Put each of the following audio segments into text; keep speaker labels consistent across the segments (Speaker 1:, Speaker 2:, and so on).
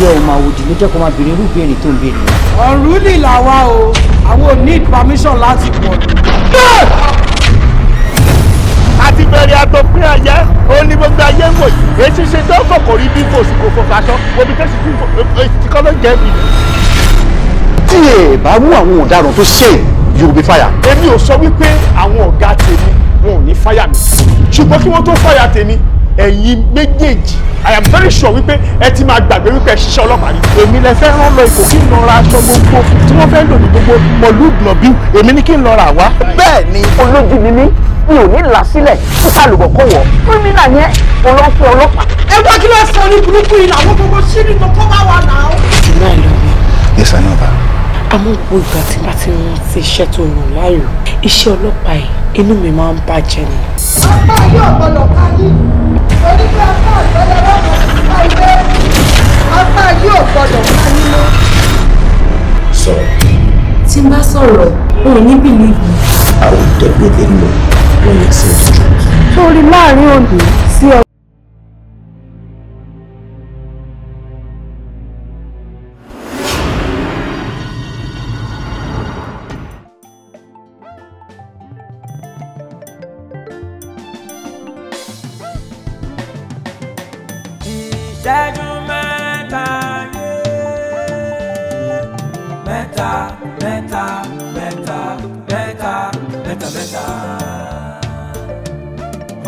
Speaker 1: ẹgbẹ́ ọmọ àwòdì ló jẹ́ kó máa béèrè irú ìbéèrè tó ń béèrè.
Speaker 2: ọ̀rú lì làwa o àwọn ò ní permission láti pọ̀ lù.
Speaker 3: àti bẹ̀rẹ̀ àtọ̀pín ayé ó ní gbogbo ayé ń wò yìí èsì ṣe tó kòkò rí bí kò sí kò fò kaṣọ omi tẹ́sí tí èsì kọ́ ló jẹ́ mi. tí ẹ bá mú àwọn ọ̀daràn tó ṣe you will be fired. èmi ò sọ wípé àwọn ọ̀gá tèmi wọn ò ní fáyà mi ṣùgbọ́n kí wọ́n tó fáyà tèmi ẹ̀yin méjèèjì i am very sure wípé ẹ ti máa gbàgbé wípé ẹ ṣiṣẹ́ ọlọ́pàá ni. èmi lè fẹ́ rán lọ Èkó kí n lọ ra aṣọ gbogbo tí wọ́n fẹ́ lò ní gbogbo mọ̀lú gbọ̀nbíù èmi ní kí n lọ rà wá. bẹ́ẹ̀ ni olójú mi ní mi ò ní là sílẹ̀ kí kálùbọ̀ kó wọ̀ kírímìnà yẹn kò lọ fún ọlọ́pàá. ẹ wá kí lóò sọ ní burúkú yìí làwọn gbogbo sí nínú kó bá wà náà.
Speaker 1: ìlú àìlọ́ mi. yes i know that.
Speaker 4: àmọ́ gbogbo ìgbà tí bá ti rántí iṣẹ́ tó yàn láàyò iṣẹ́ ọlọ́pàá yìí inú mi máa ń bàjẹ́ ni.
Speaker 2: ọ̀pá yóò gbọ́dọ̀ ká yín onígbà ọkọ àgbẹ̀lẹ̀
Speaker 5: lọ́kọ̀
Speaker 4: sípa ilé ọpá
Speaker 1: I will definitely
Speaker 6: know
Speaker 4: when you say the truth. sórí láàrin òní sí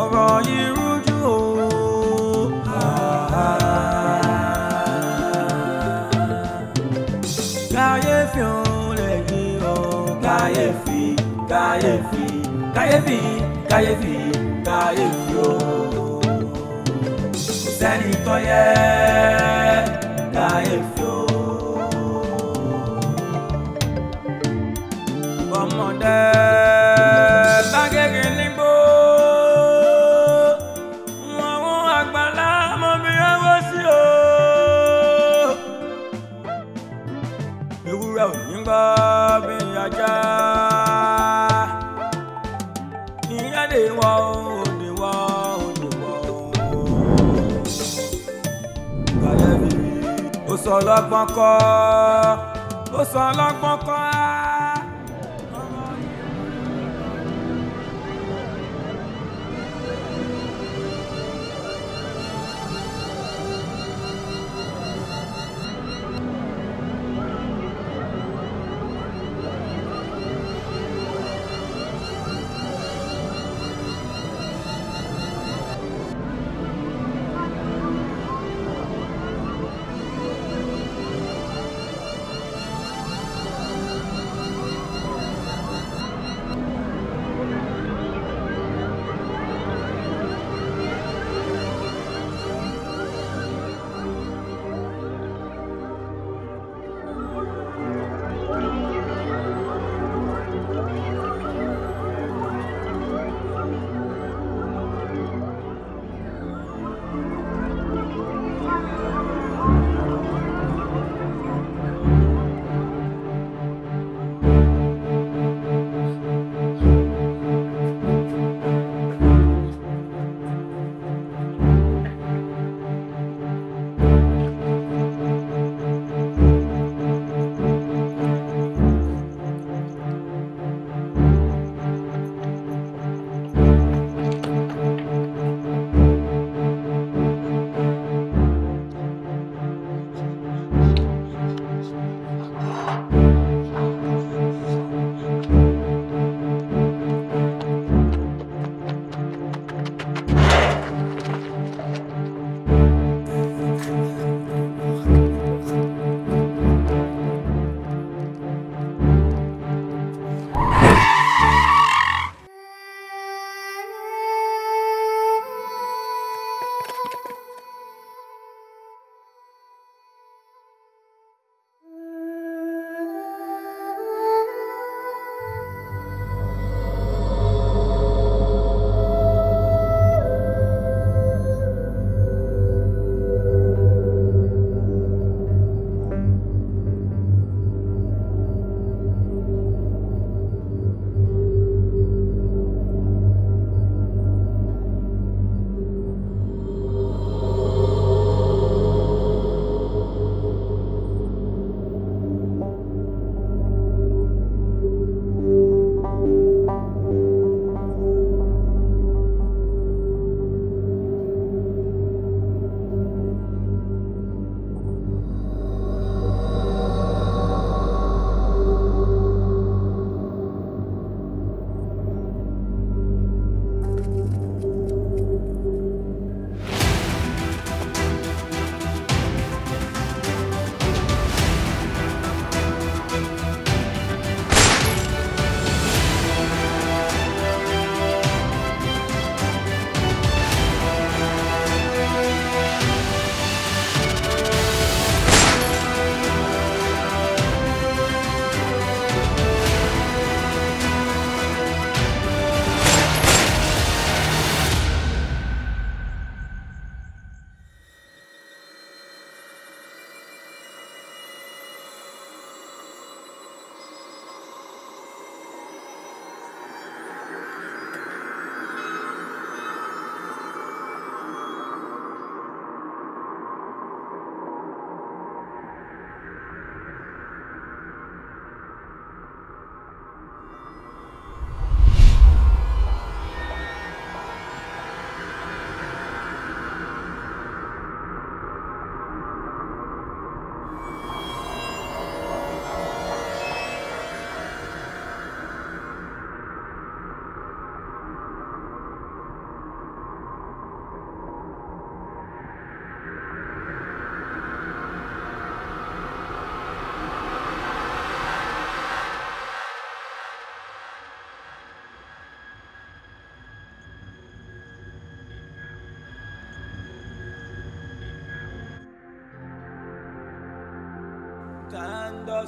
Speaker 7: ọ̀rọ̀ yìí rújú o. kàyéfì òun lè yí o. kàyéfì kàyéfì kàyéfì kàyéfì kàyéfì o. kò sẹ́ni tó yẹ kàyéfì o. ọmọdé. sọ lọ́gbọ́n kọ́ ó sọ lọ́gbọ́n kọ́.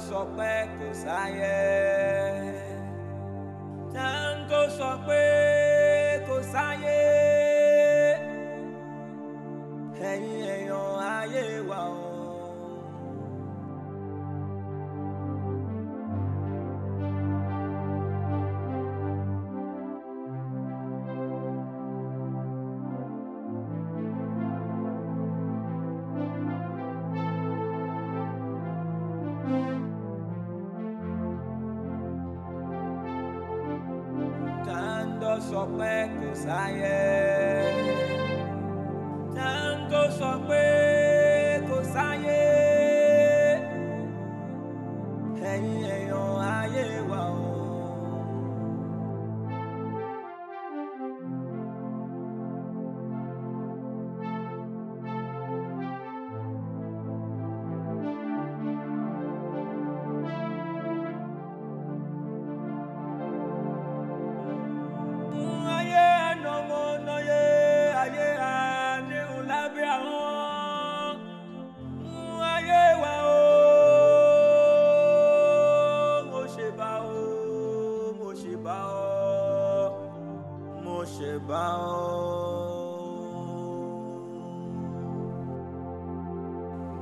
Speaker 7: sọpẹ́ kò sáyẹ́.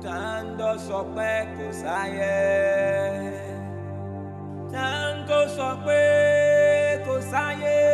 Speaker 7: Tanto sọ pé kò sáyé tàǹdọ̀ sọ pé kò sáyé.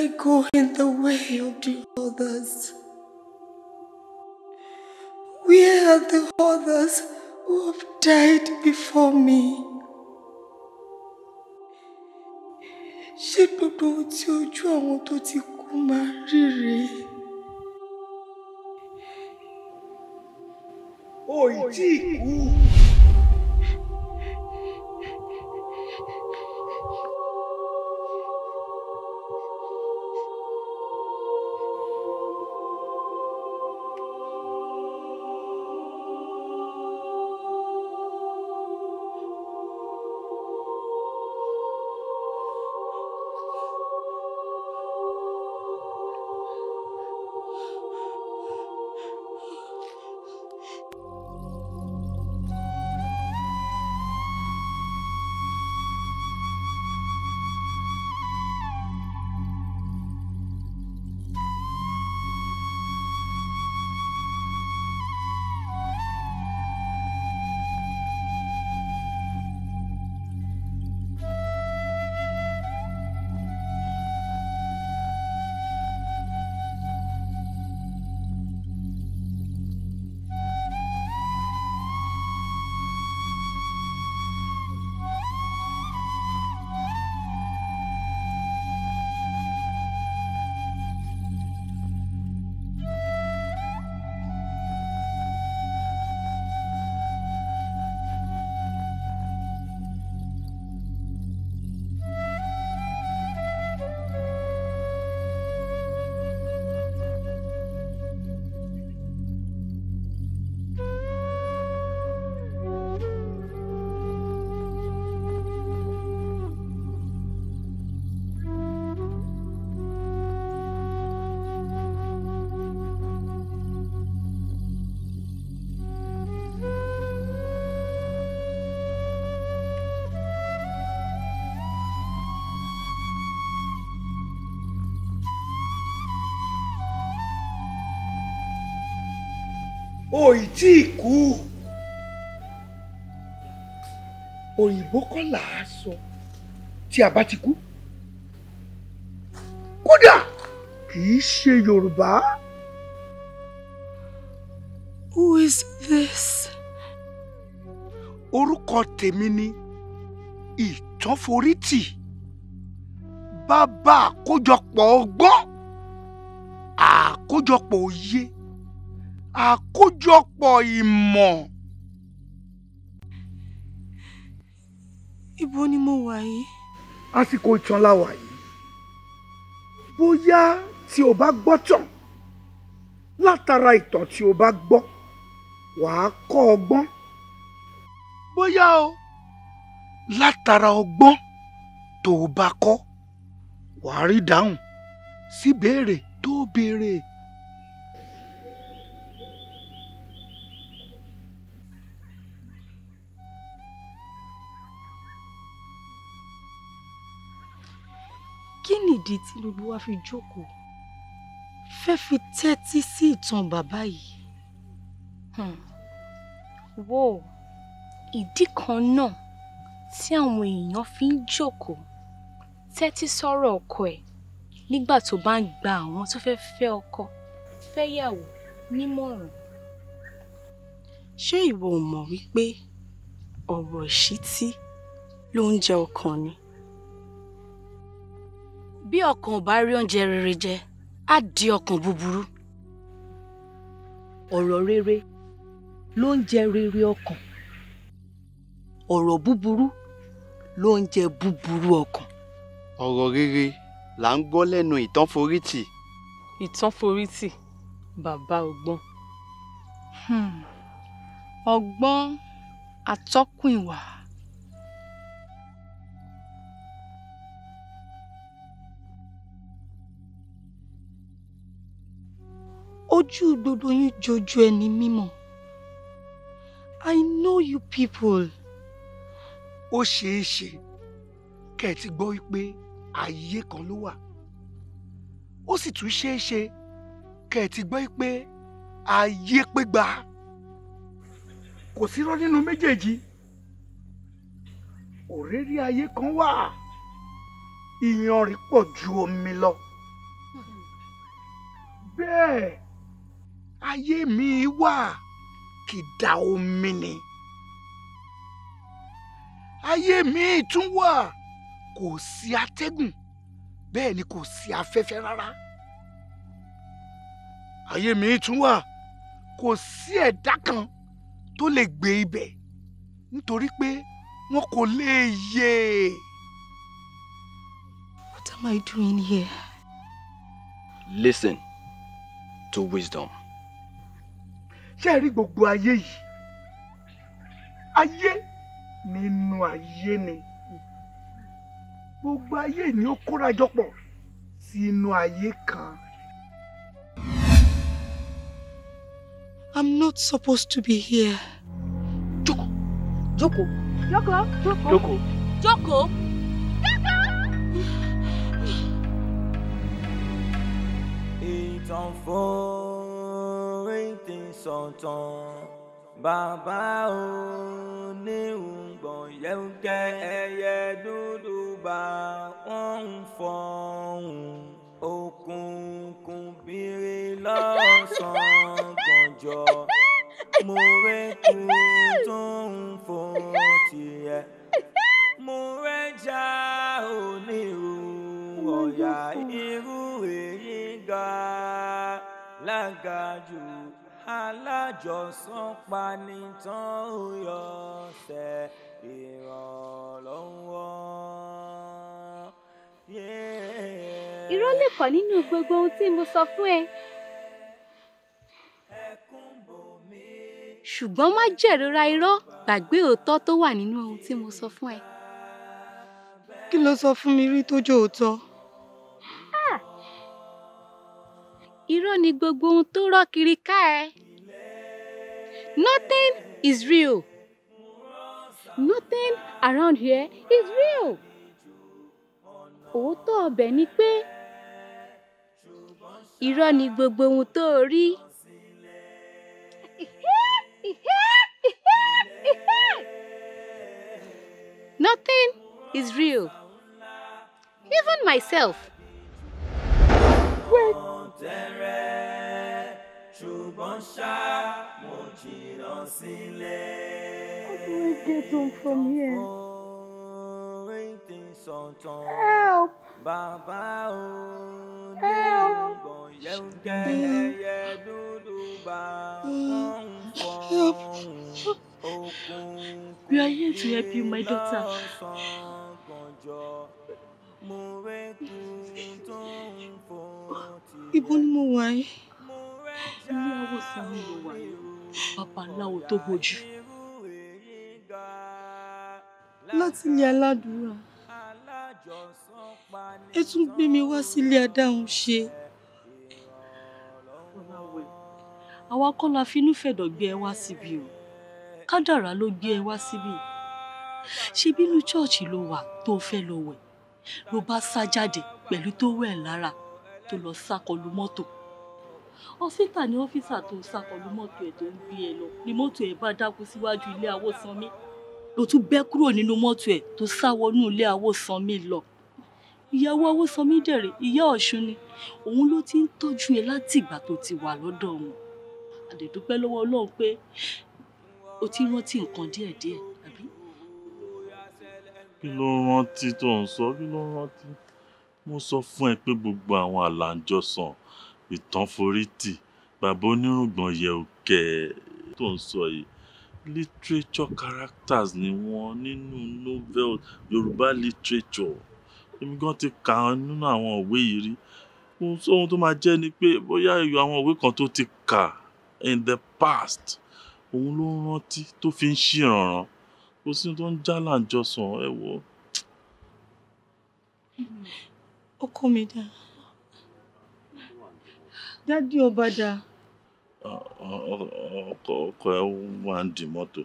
Speaker 4: I go in the way of the others? Where are the others who have died before me? She gbogbo ohun tí ojú àwọn tó ti oju máa rí rèé.
Speaker 2: ò o tí ì kú òyìnbó kọ́ là á sọ tí a bá ti kú kódà kì í ṣe Yorùbá. Who is this? Orúkọ tèmi ni ìtọ́forítì bàbá àkójọpọ̀ ọgbọ́n àkójọpọ̀ òye àkójọpọ̀ ìmọ̀.
Speaker 4: ibo ni mo wà yìí.
Speaker 2: àsìkò ìtàn la wà yìí bóyá tí o bá gbọ́ tàn látara ìtàn tí o bá gbọ́ wàá kọ́ ọgbọ́n bóyá o látara ọgbọ́n tó o bá kọ́ wàá rí dáhùn sí béèrè tó o béèrè.
Speaker 4: kí nìdí tí gbogbo wa fi jókòó fẹ́ fi tẹ́tí sí ìtàn bàbá yìí hmm. wo ìdí kan náà tí àwọn èèyàn fi ń jókòó tẹ́tí sọ́rọ̀ ọkọ ẹ̀ nígbà tó bá ń gba àwọn tó fẹ́ fẹ́ ọkọ fẹ́yàwó nímọ̀ràn. ṣé ìwọ ò mọ̀ wípé ọ̀rọ̀ ìṣítí ló ń jẹ ọkàn ni bí ọkàn ò bá rí oúnjẹ rere jẹ á di ọkàn búburú. ọ̀rọ̀ rere ló ń jẹ rere ọkàn ọ̀rọ̀ búburú ló ń jẹ búburú ọkàn.
Speaker 8: ọ̀rọ̀ rere
Speaker 3: là ń gbọ́ lẹ́nu ìtànforítì.
Speaker 4: ìtànforítì bàbá ọgbọ́n. Hmm. ọgbọ́n atọ́kùn ìwà. Hmm. ojú gbogbo yín jojú ẹni mímọ́ I know you people.
Speaker 2: ó ṣeé ṣe kẹ́ ẹ ti gbọ́ wípé ayé kan ló wà ó sì tún ṣeé ṣe kẹ́ ẹ ti gbọ́ wípé ayé pé gbà kò sírọ́ nínú méjèèjì òrérí ayé kan wà iyanrìn pọ̀ ju omi lọ bẹ́ẹ̀ ayé mi wà kìdà omi ni ayé mi tún wà kò sí atẹ́gùn bẹ́ẹ̀ ni kò sí afẹ́fẹ́ rárá ayé mi tún wà kò sí ẹ̀dá kan tó lè gbé ibẹ̀ nítorí pé wọn kò lè yè. What am I doing here?
Speaker 1: Listen to wisdom
Speaker 2: ṣé rí gbogbo ayé yìí ayé nínú ayé ni gbogbo ayé ni ó kórajọ pọ̀
Speaker 4: sínú ayé kan. I'm not supposed to be here. Joko. Joko. Joko. Joko. Joko. Joko. Joko.
Speaker 7: Ìtàn fún sọ̀tàn bàbá oníhùngbọ̀n yẹ̀ǹkẹ́ ẹyẹ dúdú bá wọ́n ń fọ̀hún òkùnkùn bírí lọ́sàn-án gànjọ́ mo tó ń fò tiẹ̀ mo rẹ́jà onírú ọ̀yà irú èyí ga lágàjù alájọsán panitán yọ̀ọ̀sẹ̀ ìrànlọ́wọ́.
Speaker 4: irọ́ lè pọ̀ nínú gbogbo ohun tí mo sọ fún ẹ. ṣùgbọ́n má jẹ̀rora irọ́ gbàgbé òótọ́ tó wà nínú ohun tí mo sọ fún ẹ. kí ló sọ fún mi rí tó òótọ́? Ah! irọ́ ni gbogbo ohun tó rọ́ kiri ká ẹ. Nothing is real. Nothing around here is real. Òótọ́ ọbẹ̀ ni pé irọ́ ni gbogbo ohun tó rí. Nothing is real. Even myself.
Speaker 7: Wait ṣùgbọ́n ṣá mo jìnnà sílẹ̀. How do I get home from here? Help! Help!
Speaker 4: We are here to help you, my daughter. Ibo ni mo wà yìí. Papa awòsàn mi ló wà babaláwo tó bójú. láti ilé aládùúrà ẹ tún gbé mi wá sílé adáhùn ṣe. àwa kọ́ la finú fẹ̀dọ̀ gbé ẹ wá síbi o kádàrá ló gbé ẹ wá síbi ṣe bínú ṣọ́ọ̀ṣì ló wà tó fẹ́ lọ wẹ̀ ló bá sá jáde pẹ̀lú ọ́fíìsà ni ọ́fíìsà tó ṣàkọlù mọ́tò ẹ̀ tó ń gbé ẹ lọ ni mọ́tò ẹ̀ bá dákú síwájú ilé Awósanmí ló tún bẹ́ kúrò nínú mọ́tò ẹ̀ tó sá wọnú ilé Awósanmí lọ ìyàwó Awósanmí dẹ̀rẹ̀ ìyá Ọ̀ṣun ni òun ló ti ń tọ́jú ẹ láti ìgbà tó ti wà lọ́dọ̀ wọn àdẹ̀dúpẹ́ lọ́wọ́ Ọlọ́run pé o ti rántí nǹkan díẹ̀díẹ̀ àbí.
Speaker 8: kí ló rántí tó ń sọ kí ló rántí mo sọ fún ẹ pé gbogbo àwọn àlàjọsàn ìtàn forítì bàbá onírùngbọ̀n yẹ̀òkè tó ń sọ yìí literature characters ni wọ́n nínú novel yorùbá literature èmi gan ti kà á nínú àwọn òwe yìí rí ohun tó máa jẹ́ ni pé bóyá ìyọ àwọn òwe kan tó ti kà in the past òun ló rántí tó fi ń ṣèrànràn kò sí tó ń já láǹjọsàn ẹ wò.
Speaker 4: ọkọ hmm. mi dáa dádì ọba dà.
Speaker 8: ọkọ ẹ wà ń di mọ́tò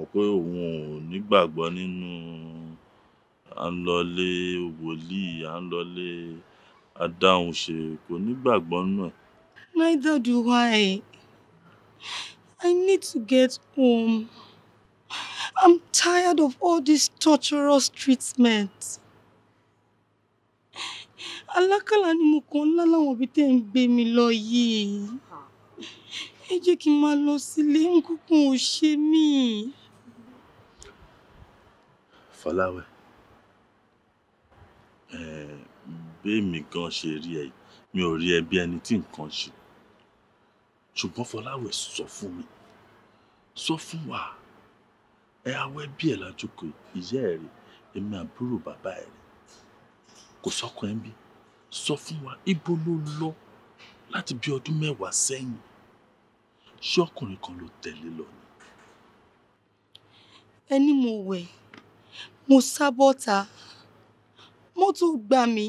Speaker 8: ó pé òun ò nígbàgbọ́ nínú à ń lọlé wòlíì à ń lọlé adáhunṣe kò nígbàgbọ́ nù ẹ̀.
Speaker 4: Neither do I. I need to get home. I'm tired of all this torturous treatment alákàlà ni mo kàn ńlá láwọn ibi tẹ́ ń gbé mi lọ yìí ẹ jẹ́ kí n máa lọ sílé nǹkan ò ṣe mí.
Speaker 8: fọláwẹ bẹ́ẹ̀mí gan ṣe rí ẹ mi ò rí ẹ bí ẹni tí nǹkan ṣe ṣùgbọ́n fọláwẹ sọ fún mi sọ fún wa ẹ awẹ́ bí ẹ̀ lájọkọ̀ ìyá ẹ̀ rẹ̀ èmi àbúrò bàbá ẹ̀ rẹ̀ kò sọkùnrin bí sọ fún wa ibo ló lọ láti bí ọdún mẹ́wàá sẹ́yìn ṣé ọkùnrin kan ló tẹ̀lé lọ ni.
Speaker 4: ẹni mo wẹ̀ mo sá bọ́ta mọ́tò gbà mí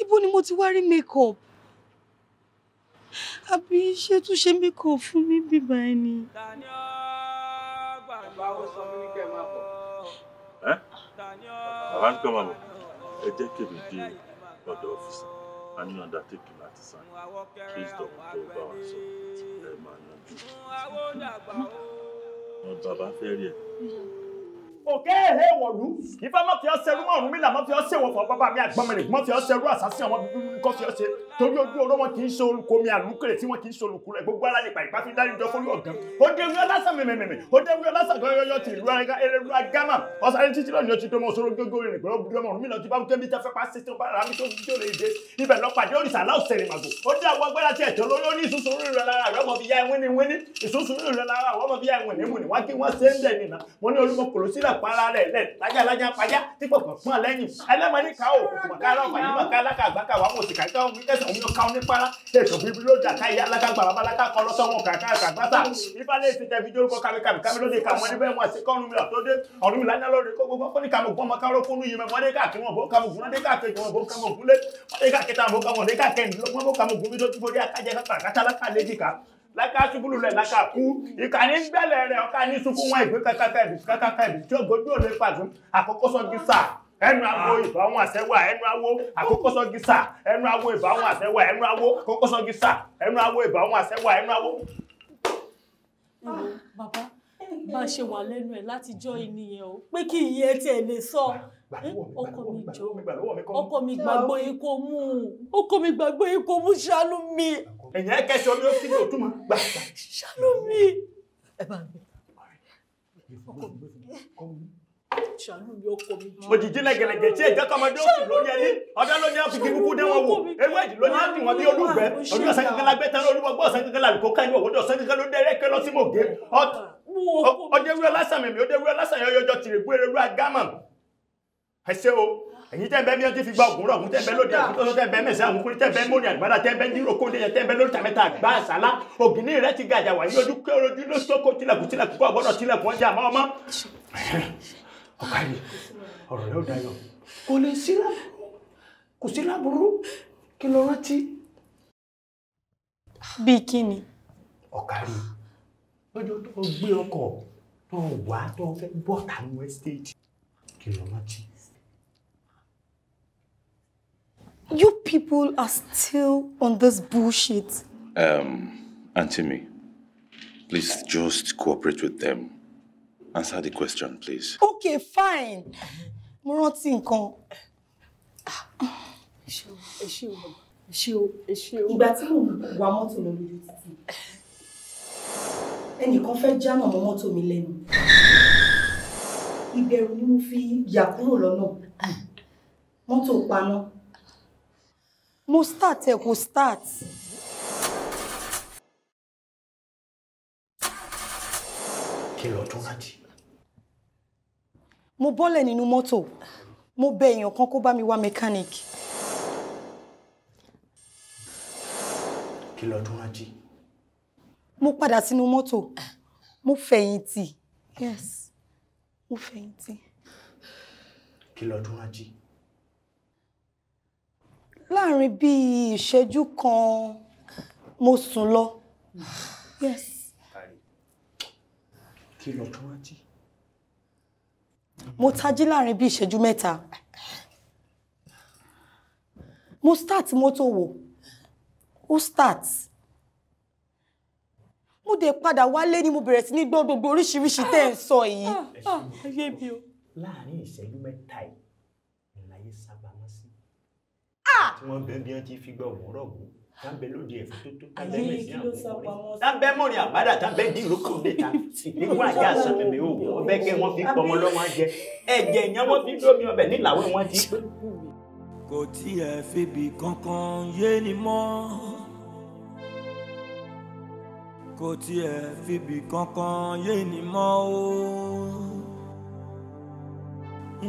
Speaker 4: ibo ni mo ti wá rí makeup àbí ṣé tún ṣe makeup fún mi bíbá ẹni. ẹ
Speaker 7: bàbá
Speaker 8: ń kọ́ máa bọ̀ ẹ jẹ́ kèmí dé ọ̀dọ̀ ọ́fíìsì a ní undertaking láti sign please dọ̀wọ́ tó bá wa sọ ẹ máa yanjú. wọn bàbá fẹ́ rí ẹ.
Speaker 3: òkè èhè wọ̀lú ìfẹ́ mọ́ fi ọ́ ṣerú mílà mọ́ fi ọ́ bàbá mi àgbọ́n mi rè mọ́ àṣàṣì ọmọ bíbí kọ́ fi ọ́ torí ojú oró wọn kì í ṣe orúkọ mi àlùkèrè tí wọn kì í ṣe olùkú rẹ gbogbo ara nípa ìpàfi dárí ìjọ fún ọgán ó wíwá lásán mẹmẹmẹmẹ ó wíwá lásán gọyọyọ ti ìlú ara ẹrẹrú agama ọsàn títí lọ́nà ti dọmọ òṣòro gbogbo rẹ nìgbọ́n òbí ọmọ mi ti bá ń mi tó fi jòlè sí ká òun ló ká ọ ní para ètò bíbí ló jà ká ìyá alága gbàlábàlága kọ lọ́sọ̀wọ̀n kàkà àgbàtà ìbálẹ̀ ètò tẹ̀fi dórúkọ kàmíkàmí kàmí lóde kàmú ẹni bẹ́ẹ̀ wọn sí kọ́nu mi lọ́tọ́ dé ọ̀run mi lánàá lórí kó gbogbo fún ní kàmú gbọ́mọ káró fún yìí mẹ́mọ́ dé káàkiri wọn bó kàmú fún dé káàkiri wọn bó kàmú fún lé dé káàkiri tàbó kàmú dé káàkiri lọ́gbọ́n bó kàmú fún mi tó túbọ̀ dé àkájẹ kàkàtà lákà léjìká láká ṣubúlù rẹ̀ láká kú ìkànnì ń bẹ̀rẹ̀ rẹ̀ ọ̀ká ní sunkún wọn ìgbé kankan kan ìbí kankan kan ìbí tí ògbójú òde pàdún àkókò sọ́jú sáà ẹnu awo ìbáwọn àṣẹwà ẹnu awo àkókòsọgísà ẹnu awo ìbáwọn àṣẹwà ẹnu awo àkókòsọgísà ẹnu awo ìbáwọn àṣẹwà ẹnu awo.
Speaker 4: bàbá bá a ṣe wà lẹ́nu ẹ̀ látijọ́ ènìyàn o pé kí iye tiẹ̀ lè sọ ọkọ mi jọ ọkọ mi
Speaker 2: gbàgbọ́
Speaker 3: yìí mú ọkọ mi gbàgbọ́ yìí kò mú ṣàánú mi. ẹ̀yìn ẹ̀kẹ́sọ ni ó fi lò túmọ̀ gbà. ṣàánú
Speaker 4: mi. ẹ bá ń gbé ọkọ mi ṣàánú mi ọkọ mi jù.
Speaker 3: òjìji lẹgẹlẹgẹ tí ẹjẹ tọmọdé òkú lórí ẹni ọdẹ ló ní á fi kí kúkú dé wọn wò ewé ìdí ló ní á fi wọn bí olùgbẹ ojú ọsán kankan la gbẹtẹ olúwọgbọ ọsán kankan la lùkọ káyọ òwòdì ọsán kankan ló dẹrẹ kẹ lọ sí mògé ọdẹ wíwọ lásán mẹmí ọdẹ wíwọ lásán yọyọjọ tìrì gbé eré wíwọ agámà ẹsẹ o ẹ̀yin tẹ́ ń bẹ mílíọ̀n tí fi gba ògùn rọ̀ ògùn tẹ́ ń bẹ lóde àgùn tó tẹ́ ń bẹ mẹ̀sẹ̀ àwọn kúrin tẹ́ ń bẹ mórí àgbàdá tẹ́ ń bẹ ní roko ndéyẹ tẹ́ ń bẹ lórí tàmẹ́ta àgbà àsálá ògìní rẹ ti gàjà wà yóò dúkẹ́ ojú ló sóko tilẹ̀kùn tilẹ̀kùn kó àgbọ̀dọ̀ tilẹ̀kùn ọjà mọ́ ọmọ
Speaker 6: ọ̀gá yìí ọ̀rọ̀
Speaker 3: rẹ̀ ó
Speaker 4: kò lè sí láburú kò sí láburú kí ló rántí. bí kíni.
Speaker 2: ọ̀gá rí lọ́jọ́ tó o gbé ọkọ̀ tó o wá tó o fẹ́
Speaker 9: bọ̀ tánú ẹ́stéètì kí ló rántí.
Speaker 4: You people are still on this bullshit.
Speaker 9: Um, Auntie me, please just cooperate with them. Answer the question, please.
Speaker 4: Okay, fine. Mo rántí nǹkan. Ìgbà tí mo wa mọ́tò lọ lójú títì, ẹnìkan fẹ́ jánà mọ́ mọ́tò mi lẹ́nu. Ìbẹ̀rù ni mo fi yà kúrò lọ́nà. Mọ́tò paná. Mo start ẹ̀ kò start.
Speaker 6: kí lọ tún rántí.
Speaker 4: mo bọ́lẹ̀ nínú mọ́tò mo bẹ èèyàn kan kó bá mi wá mẹkáníìkì.
Speaker 1: kí lọ tún rántí.
Speaker 4: mo padà sínú mọ́tò mo fẹ̀yìntì yes mo fẹ̀yìntì.
Speaker 1: kí lọ tún rántí.
Speaker 4: láàárín bíi ìṣẹ́jú kan mo sùn lọ yes
Speaker 1: kí lọ tún rántí.
Speaker 4: mo tají láàrin bíi ìṣẹ́jú mẹ́ta mo start mọ́tò wò ó start mo dé padà wálé ni mo bẹ̀rẹ̀ sí ní gbọ́ gbogbo oríṣiríṣi tẹ́ ẹ̀ ń sọ yìí. Ah,
Speaker 1: ah, ah, ayé mi o.
Speaker 3: láàrin ìṣẹ́jú mẹ́ta yìí ìlàyé sábà mọ́ sí. tí wọ́n bẹ́ẹ̀ bí wọ́n ti fi gbọ́ òun rọ̀gùn tábẹ lóde ẹfọ tó tó tábẹ mẹsìn àbúrò tábẹ mọrin àbádà tábẹ ní ìrókò níta nígbà àjẹ àṣà mẹmẹ ọbẹ kẹ wọn fi pọmọ lọ́wọ́ jẹ ẹ̀jẹ̀ yẹn wọn fi lómi ọbẹ nílàwé wọn ti kò
Speaker 7: tiẹ̀ febi kankan yé ni mọ́ kò tiẹ̀ febi kankan yé ni mọ́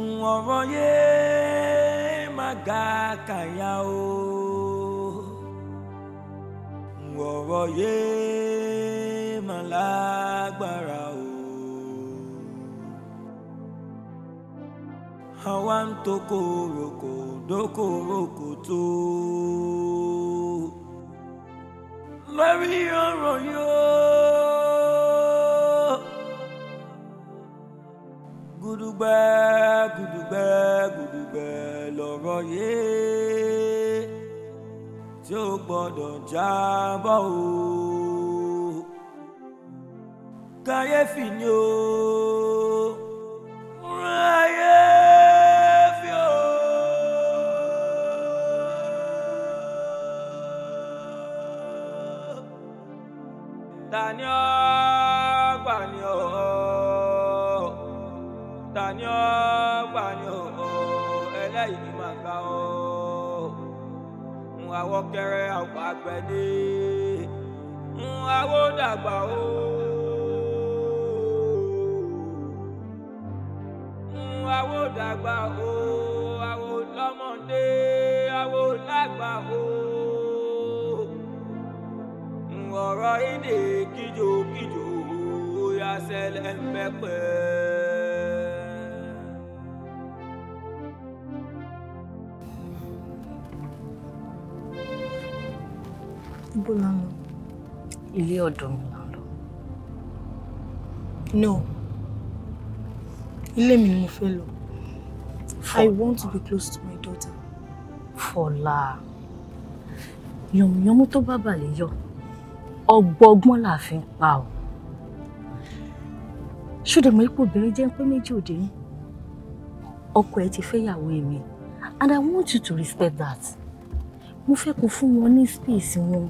Speaker 7: o ọ̀rọ̀ yé má ga kàyà o. ọ̀rọ̀ yéé mà lágbára o. àwa ń tokoroko dokoroko tó. lórí ọ̀rọ̀ yóò. gudugbẹ́ gudugbẹ́ gudugbẹ́ lọ̀rọ̀ yéé. tí ó gbọ́dọ̀ jábọ́ o. kàyéfì ni o ráyé daniel o. tani àwọ̀ kẹrẹ àwọn àgbẹ̀dẹ ń àwọ̀ dàgbà o. Àwo dàgbà o, àwo lọ́mọdé, àwo lágbà o. Ọ̀rọ̀ ìdè kíjokíjo ó yá ṣẹlẹ̀ ń bẹ́ pẹ́ẹ́.
Speaker 4: Ibo Ilé ọ̀dọ̀ mi la ń lọ. No. Ilé mi ni mo fẹ́ lọ. I want to be close to my daughter. Fọlá. Yànmùyánmú tó bá balẹ̀ yọ, ọgbọ́gbọ́n là fi ń pa ọ́. Ṣùgbọ́n mo ipò obìnrin jẹ́ pé méjì òde yín. Ọkọ ẹ ti fẹ́yàwó èmi and I want you to respect that. Mo fẹ́ kó fún wọn ní space wọn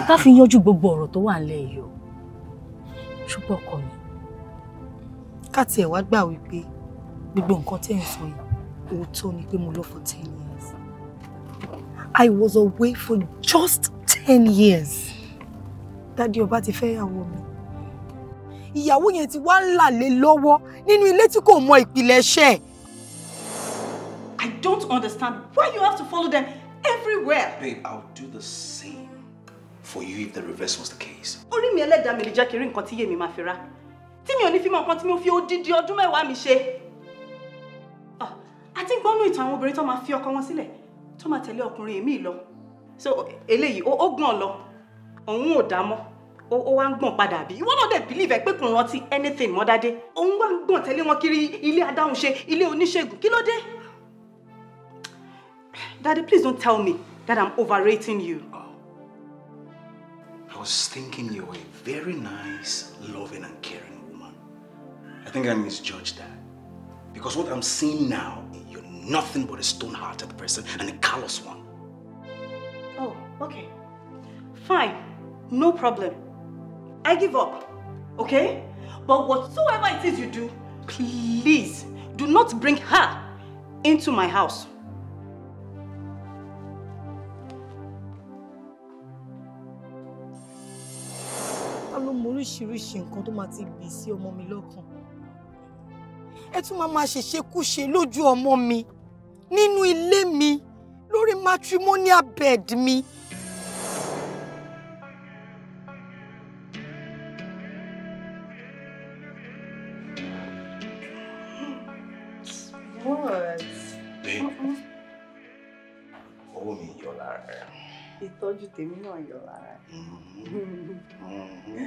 Speaker 4: ká fi yanjú gbogbo ọ̀rọ̀ tó wà nílẹ̀ yìí o ṣùgbọ́n ọkọ mi ká tiẹ̀ wá gbà wípé gbogbo nǹkan tẹ́ ń sọ yìí òótọ́ ni pé mo lọ for ten years I was away for just ten years dádì ọba ti fẹ́ yàwó mi ìyàwó yẹn ti wá ń là lé lọ́wọ́ nínú ilé tí kò mọ ìpìlẹ̀ṣẹ̀. I don't understand why you have to follow them
Speaker 1: everywhere. Babe, I'll do the same for you if the reverse was the case.
Speaker 4: orí mi ẹlẹ́dàá mi lè jẹ́ kí n rí nǹkan tí yé mi máa fi rá tí mi ò ní fi mọ nǹkan tí mo fi odidi ọdún mẹ́wàá mi ṣe. àti ah, gbọ́nú ìtàn àwọn obìnrin tó máa fi ọkọ wọn sílẹ̀ tó máa tẹ̀lé ọkùnrin mi lọ so eléyìí ó gbọ̀n lọ òun ò dá mọ́ ó wá ń gbọ̀n padà bí ìwọ náà dẹ̀ believe ẹ pé kò rántí anything mọ́ dáadé òun wá ń gbọ̀n tẹ̀lé wọn kiri ilé adáhunṣe ilé oníṣègùn kí ló dé. Daddy, please don't tell me that I'm overrating you.
Speaker 1: was thinking you were a very nice, loving, and caring woman. I think I misjudged that. Because what I'm seeing now, you're nothing but a stone-hearted person and a callous one.
Speaker 4: Oh, okay. Fine. No problem. I give up, okay? But whatsoever it is you do, please do not bring her into my house. oríṣiríṣi nǹkan tó máa ti gbìn sí ọmọ mi lọ́kàn ẹ tún máa máa ṣèṣekúṣe lójú ọmọ mi nínú ilé mi lórí matrimonial bed mi. ìtọ́jú tèmi náà yọ lára. Mm-hmm.
Speaker 9: Mm-hmm.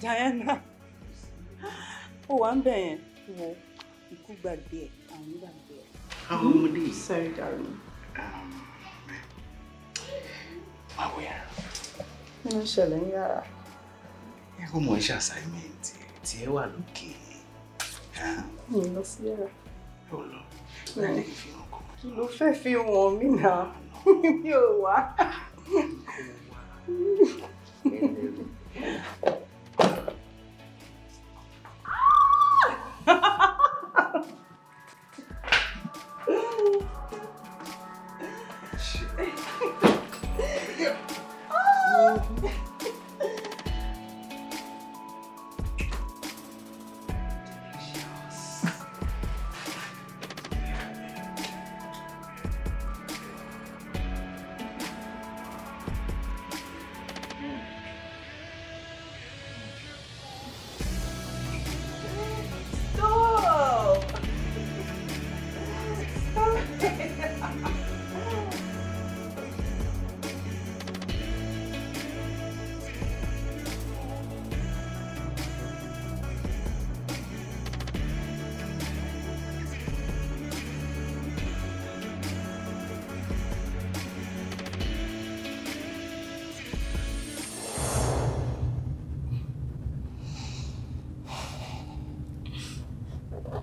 Speaker 4: Diana ó wà ń bẹ̀ yẹn wo ikú gbàgbé ẹ̀ àwọn gbàgbé How old is sorry darling. Má um, wẹ̀ ẹ́. Kí ló ṣẹlẹ̀ ń yára?
Speaker 1: Ẹ kó mọ̀ iṣẹ́ àṣàìmẹ́ǹtì tí ẹ wà lókè.
Speaker 4: Um, Mi lọ sí yàrá. Ẹ ò lọ. Láyé kì í fi hàn kọ́. Kí ló fẹ́ fi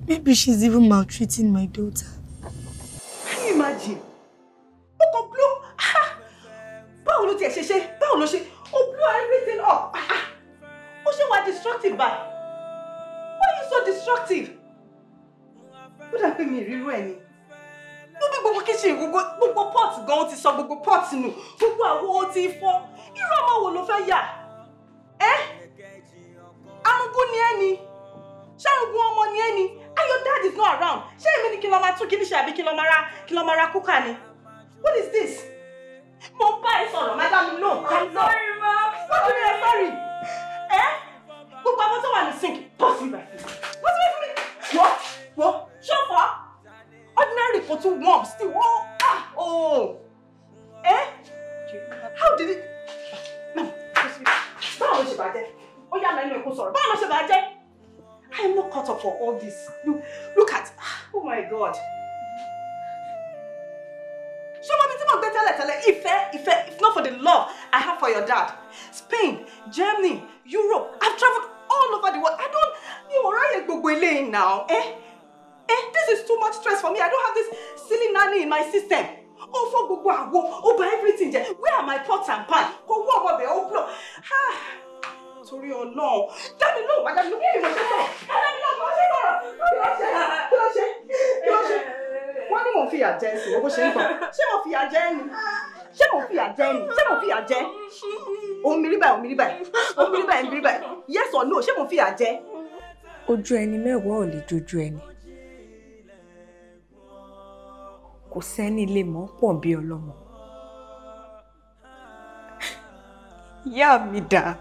Speaker 4: Maybe she's even maltreating my daughter. Can you imagine? Oh, Ọkọ̀ blow. Báwo ló tiẹ̀ ṣe ṣe? Báwo ló ṣe? O blow everything up. oh she was destructive báyìí. Why you so destructive? What happened to Ó dà pé mi ìrírú ẹ̀ ni. Gbogbo gbogbo kitchen gbogbo gbogbo pot gan ti sọ gbogbo pot nù. Gbogbo àwo ti fọ́. Irú ọmọ wo ló fẹ́ yà? go around ṣé èmi ni kí lọ́ọ́ máa tún kíní ṣe àbí kí lọ́ọ́ máa ra kí lọ́ọ́ máa ra kúkà ni what is this mo ń bá ẹ sọ̀rọ̀ madam no i'm sorry ma what do you mean sorry ẹ eh? gbogbo àwọn tó wà ní sink bọ́ọ̀sì ìgbà wọ́n ti wọ́n fún mi wọ́ wọ́ ṣọ́fọ́ ordinary kò tún warm still wọ́n ah oh ẹ eh? how did it báwo ló ṣe bàjẹ́ ó yà mẹ́nu ẹ̀kọ́ sọ̀rọ̀ báwo ló ṣe bàjẹ́. I am not cut up for all this. Look, look at, oh my God. Ife, Ife, if if, if not for the love I have for your dad. Spain, Germany, Europe, I've traveled all over the world. I don't, you are gbogbo eléyìí now, eh? Eh, this is too much stress for me. I don't have this silly nanny in my system. Oh, for gbogbo àwo, oh, by everything, where are my pots and pans? Go, go, go, go, go. Ah torí ọlọ́run dábì lóhùn bàjẹ́ ló bí ìrìnàjò sọ dábì lóhùn bó ṣe bọ̀rọ̀ kí ló ṣe kí ló ṣe kí ló ṣe. wọ́n ní mò ń fìyà jẹ ẹ̀sìn owó ṣe ń bọ̀ ṣé mo fìyà jẹ ẹ̀nì ṣé mo fìyà jẹ ẹ̀nì ṣé mo fìyà jẹ òun mìírí báyìí òun mìírí báyìí òun mìírí báyìí mìírí báyìí yes or no ṣé mo fìyà jẹ. ojú ẹni mẹ́wàá ò lè jojú ẹni kò sẹ́ni lè mọ́ pọ̀ bí ọlọ́mọ. ìyá mi dáa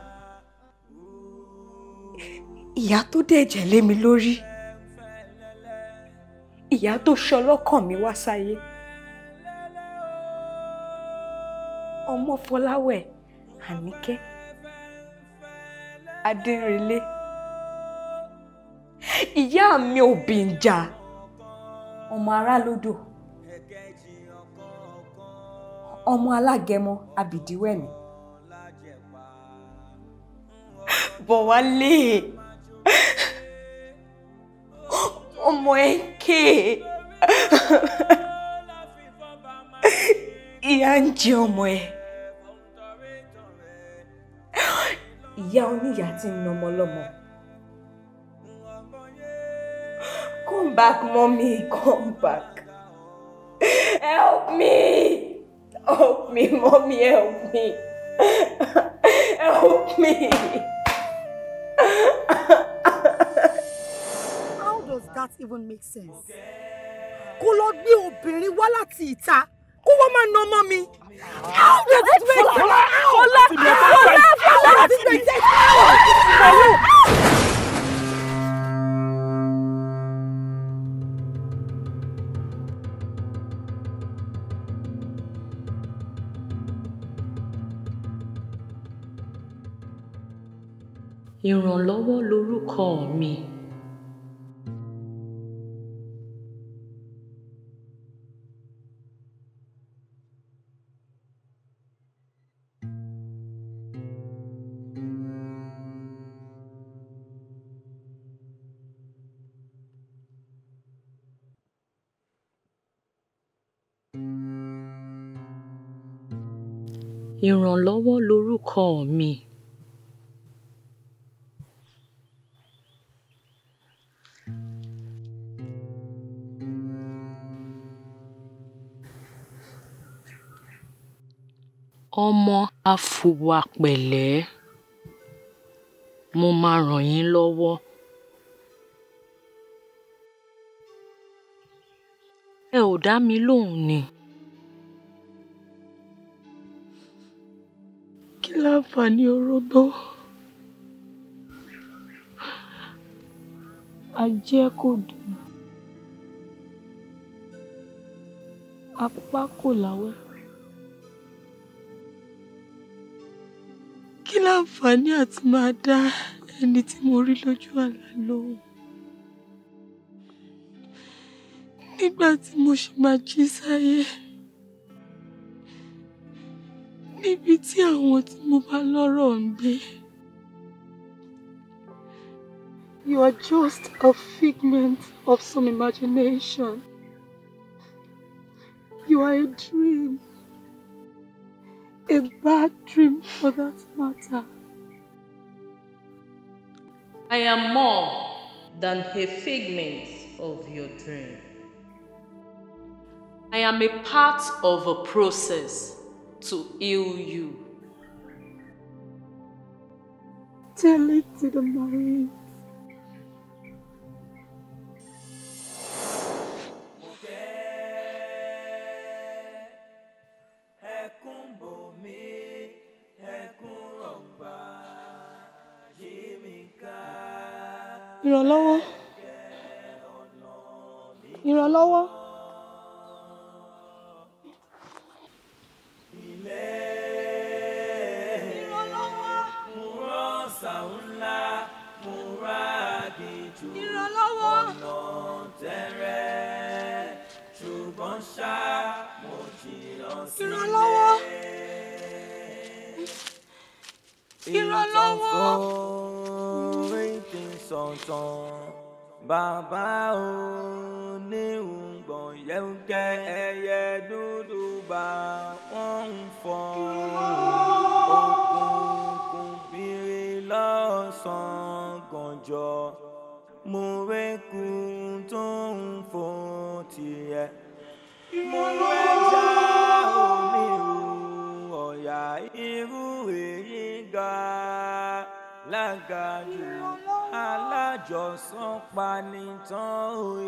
Speaker 4: ìyá tó dẹ̀jẹ̀ lé mi lórí ìyá tó ṣọlọ́kàn mi wá sáyé ọmọ Fọláwẹ̀ Àníkẹ́ Adérinlé ìyá mi Òbìnjà ọmọ Arálódò ọmọ alágẹmọ Abìdíwẹ̀mí Bọ̀wálé. ọmọ ẹ ń ké ìyá ń jẹ ọmọ ẹ ìyá oníyà ti come back mommy come back help me help me mommy help me help me. that even make sense? Kó lọ gbé obìnrin wá láti ìta kó wọ́n máa na ọmọ mi. How does it make sense? Fọlá Fọlá Fọlá Fọlá ti make sense. ìrànlọ́wọ́ lorúkọ mi. ìrànlọ́wọ́ lorúkọ mi ọmọ afùwàpẹ̀lẹ́ mo máa ràn yín lọ́wọ́ ẹ ò dá mi lóhùn ni láǹfààní orógbó ajẹ́ kò dùn apá kò láwẹ́ kí láǹfààní àti máa dá ẹni tí mo rí lójú àlá lóhùn nígbà tí mo ṣì máa jí sáyé. níbi tí àwọn tí mo bá lọ́rọ̀ You are just a figment of some imagination. You are a dream. A bad dream for that matter. I am more than a figment of your dream. I am a part of a process to heal you. Tell it to the Marine.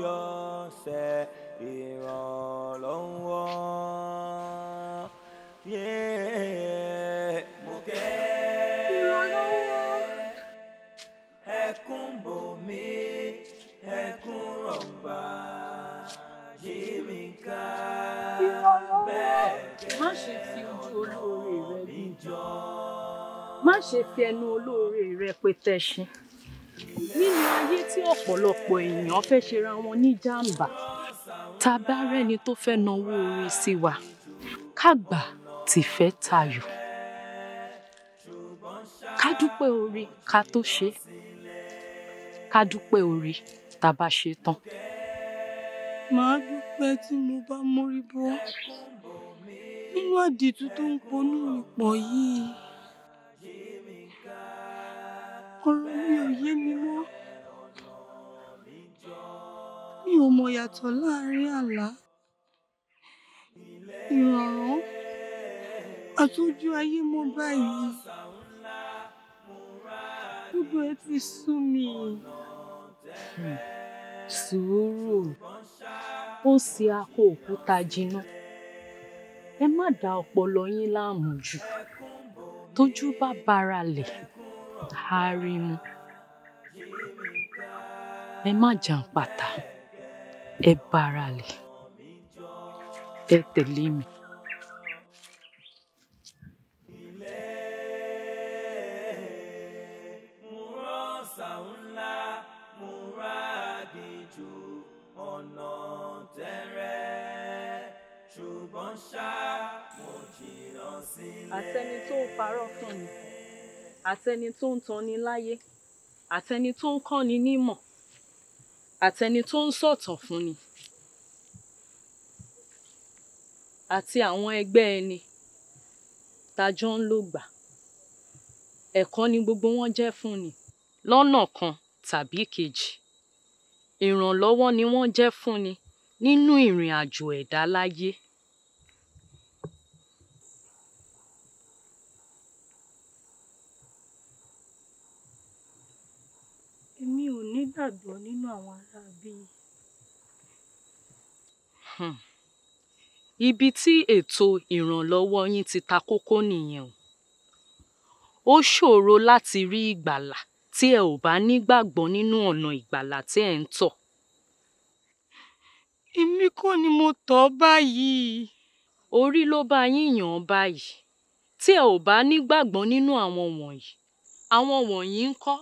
Speaker 7: yóò ṣe ìrànlọ́wọ́. mo kẹ́ ẹkún bòmí ẹkún rọ̀gbà yí mi ká bẹ́ẹ̀ kẹ́ má ṣe fi ojú olóore rẹ
Speaker 4: bí jọ má ṣe fi ẹnu olóore rẹ pété ṣin nínú ayé tí ọ̀pọ̀lọpọ̀ èèyàn fẹ́ ṣera wọn ní jàǹbá tá a bá rẹ́ni tó fẹ́ náwó oore sí wa ká gbà tìfẹ́ tayọ̀ ká dúpẹ́ oore ká tó ṣe ká dúpẹ́ oore tá bá ṣe tán. màá dúpẹ́ tí mo bá mórí bọ́ nínú àdìtú tó ń ponú ìpọ̀ yìí ọ̀rọ̀ mi ò yé mi mọ́ mi ò mọ̀ yàtọ̀ láàrin àlá ìrọ̀rùn àtúnjú ayé mọ́ báyìí gbogbo ẹ ti sú mi. Hmm, sùúrù ó sì akọ òkúta jiná ẹ má da ọpọlọ yín láàmú jù tójú bá bára lẹ̀. Harimu ẹ má jàǹpàtà ẹ bára lẹ̀ ẹ tẹ̀lé mi. àtẹni tó parọ́ fún mi àtẹni tó ń tanni láyé àtẹni tó ń kọ́ni nímọ̀ àtẹni tó ń sọ̀tàn fúnni àti àwọn ẹgbẹ́ ẹni tajọ́ ń lò gbà ẹ̀kọ́ ni gbogbo wọn jẹ́ fúnni lọ́nà kan tàbí kejì ìrànlọ́wọ́ ni wọ́n jẹ́ fúnni nínú ìrìn àjò ẹ̀dá láyé. nígbàgbọ́ nínú àwọn ará bí i. Hmm. Ibi tí ètò ìrànlọ́wọ́ yín ti ta kókó nìyẹn o. Ó ṣòro láti rí ìgbàlà tí ẹ ò bá nígbàgbọ́ nínú ọ̀nà ìgbàlà tí ẹ̀ ń tọ̀. Èmi kọ́ ni mo tọ̀ báyìí. Orí ló bá yín yàn án báyìí. Tí ẹ ò bá nígbàgbọ́ nínú àwọn wọ̀nyí, àwọn wọ̀nyí ńkọ́?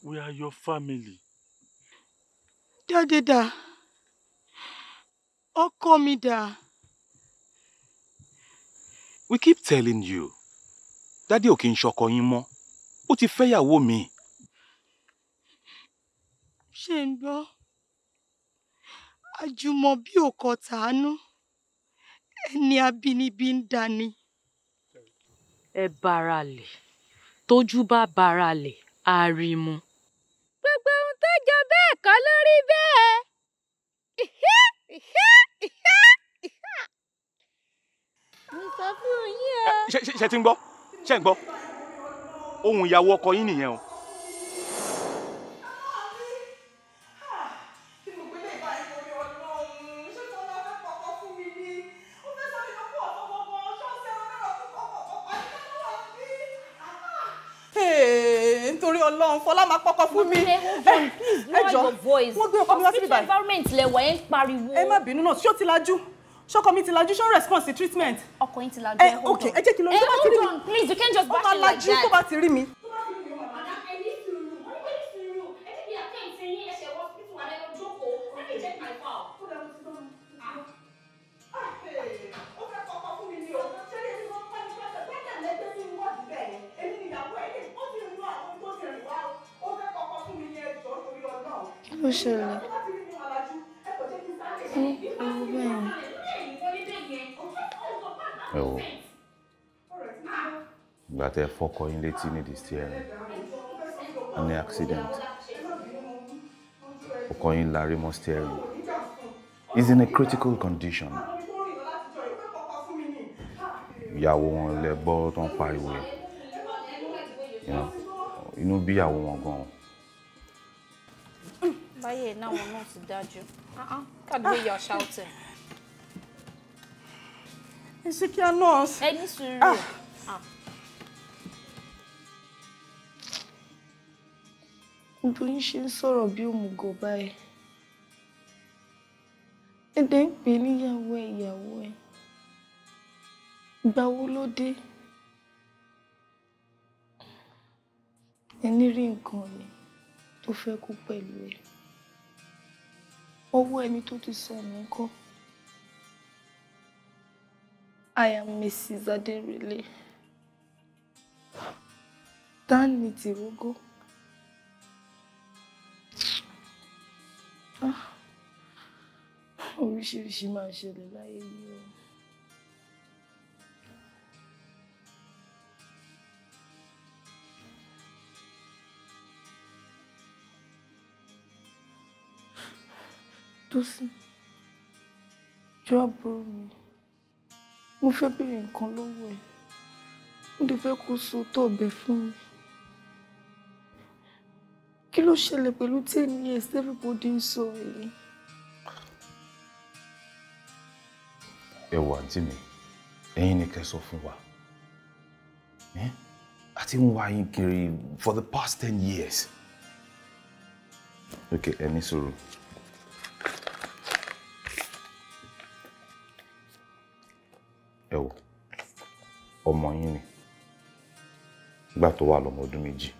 Speaker 8: We are your family.
Speaker 4: Daddy dà. Ọkọ mi dà.
Speaker 9: We keep telling you. Daddy ò kí ń uti feya mọ́. Ó ti fẹ́yàwó mi.
Speaker 4: Ṣé ń gbọ́? Àjùmọ̀bí ò kọ tàánú. Ẹni dani. e barale, tojuba barale, baralẹ̀, arimu tó jọ bẹ́ẹ̀ kọ́ ló rí bẹ́ẹ̀. mo sọ fún yín o.
Speaker 3: ṣe ṣe ti ń gbọ́ ṣe ń gbọ́
Speaker 9: ohun ìyàwó ọkọ yín nìyẹn o.
Speaker 4: Ọlọ́run fọlá máa pọkọ fún mi eh, ẹjọ wọn gbé ọkọ mi wá síbí báyìí environment ẹ má bínú náà ṣó ti lajú ṣọkọ mi ti lajú ṣó response to treatment. ọkọ yín ti lajú eh, ẹ hold on ẹ ok ẹ jẹ́ kí n lọ bí eh, tó bá ti rí mi. ẹ hold on please you can't just bash me like that. ó máa lajú tó bá ti rí mi. ló ṣẹlẹ̀? Ó bẹ́ẹ̀.
Speaker 9: Ẹ wo, ìgbà tẹ fọ́kọ yín létí nídìí steering, a ní accident. Ọkọ yín larí mọ́ steering. He's in a critical condition. Ìyàwó wọn lẹ gbọ́ tó ń pariwo ẹ̀.
Speaker 6: Inú bí ìyàwó wọn gan gone
Speaker 4: say now we're not to you. Uh-uh. Ah, Can't ah. the way you're shouting. It's okay, I'm not. Any sùúrù. Ah. ah. Gbogbo yín ṣe ń sọ̀rọ̀ bí òmùgọ̀ báyìí. Ẹ̀dẹ̀ ń pè níyàwó ẹ̀ ìyàwó ẹ̀. Ìgbà wo ló dé? Ẹni rí nǹkan ni owó ẹni tó ti sọnù ńkọ́. I am Mrs. Aderele. Dani Tirogo. Ah, oríṣiríṣi máa ń ṣẹlẹ̀ láyé yìí o. Tosin jọ àbúrò mi mo fẹ́ bèrè nǹkan lọ́wọ́ ẹ̀ mo dẹ̀ fẹ́ kó so tó ọbẹ̀ fún mi kí ló ṣẹlẹ̀ pẹ̀lú tèmi ẹ̀ everybody ń sọ èyí.
Speaker 9: ẹ àǹtí mi ẹ̀yin ni kẹ́ sọ fún wa a ti ń wá yín kiri for the past ten years. ok ẹni sọ̀rọ̀. ọmọ yín ni nígbà tó wà lọ́mọ ọdún méjì.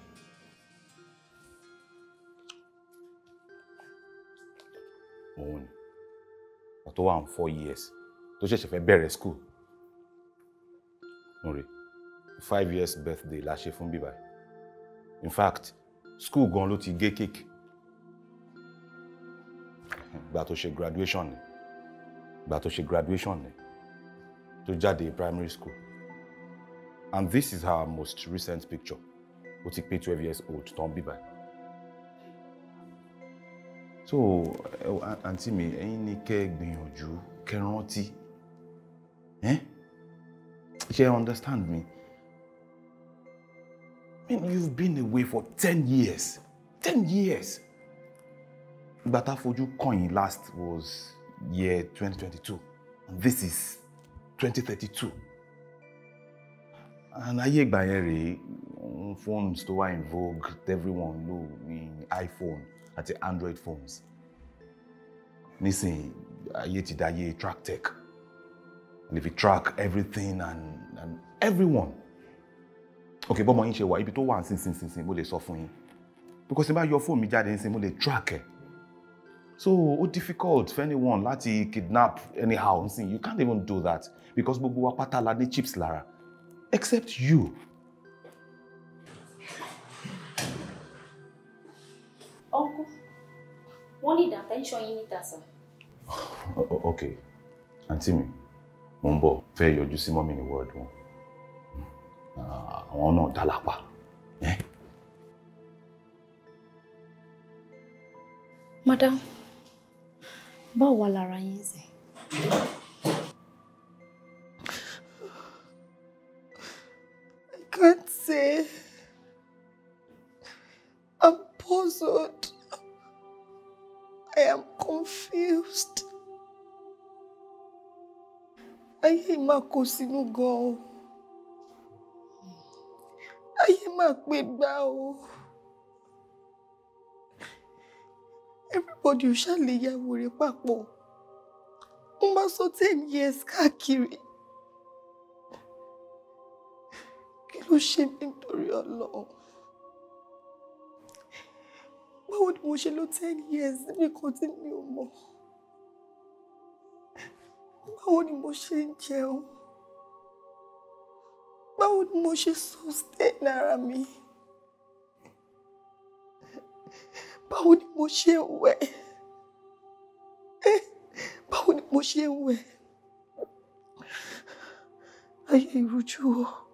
Speaker 9: òun ni ọ̀ tó wà ní four years tó ṣẹ̀ṣẹ̀ fẹ́ bẹ̀rẹ̀ school n rè five years birthday la ṣe fún bíbá in fact school gan ló ti gé cake ìgbà tó ṣe graduation ni ìgbà tó ṣe graduation ni tó jáde primary school And this is her most recent picture. Otikpe ti 12 years old, tó ń bí So, auntie me, any ni being your Jew rántí. Eh? Ṣé understand me? I mean, you've been away for 10 years. 10 years! But tá fojú kàn yín last was year 2022. And this is 2032 and ayé ìgbà yẹn rèé phones tó wà in vogue everyone know, ní iphone àti android phones nísìnyí ayé ti dáyé track tech lè fi track everything and, and everyone ok bọ́mọ yín ṣe wà ibi tó wà nísinsìnyí mo lè sọ fún yín because tí n bá yọ fóònù mi jáde sin mo lè track ẹ̀ so ó difficult for anyone láti kidnap anyhow nísinsìnyí you can't even do that because gbogbo wa pátá la ní chips lára except you.
Speaker 4: Uncle, wọ́n ní attention in it, sir.
Speaker 9: Oh, okay. àǹtí mi, mo ń bọ̀ fẹ́ yọjú sí mọ́mí ní wọ́ọ̀dù wọn. Àwọn náà dá lápá.
Speaker 4: Madam, báwo wà lára say I'm puzzled. I am confused. Ayé máa kó sínú gan o. Ayé máa pé gbá Everybody ò ṣàlè ya wèrè papọ̀. Ó máa sọ ten years káàkiri. ló ṣe mí nítorí Ọlọ́run báwo ni mo ṣe lò ten years nìkan tí mi ò mọ̀ báwo ni mo ṣe ń jẹun báwo ni mo ṣe sustain ara mi báwo ni mo ṣe wẹ̀ báwo ni mo ṣe wẹ̀ ayé ìrújú o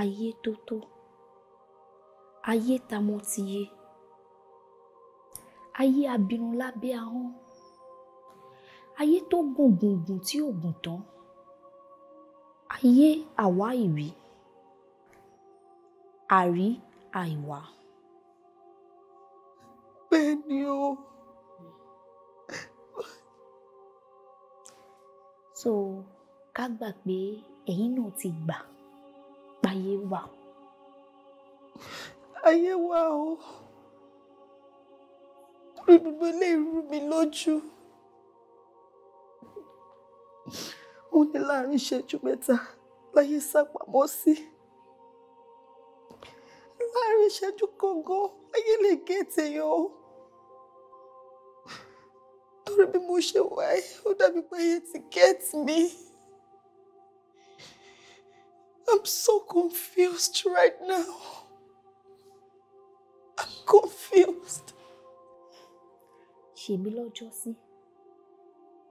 Speaker 4: ayé Toto tó ayé tamọ́tiyé ayé abirun lábẹ́ ahọ́n ayé tó gùn gùn gùn tí ò gùn tán ayé àwa ìrí àrí àìwá. bẹ́ẹ̀ ni so ká gbà pé ẹ̀yin náà ti gbà páyé wà. ayé wa o rí gbogbo ilé ìrú mi lójú ó ní láàrin ìṣẹ́jú mẹ́ta láyé sápamọ́ sí láàrin ìṣẹ́jú kọ̀ọ̀kan ayé lè gé tèèyàn o torí bí mo ṣe wáyé ó dàbí pé ayé ti gẹ́ẹ̀tì mi. I'm so confused right now. I'm confused. Ṣèbí lọ́jọ́ sí,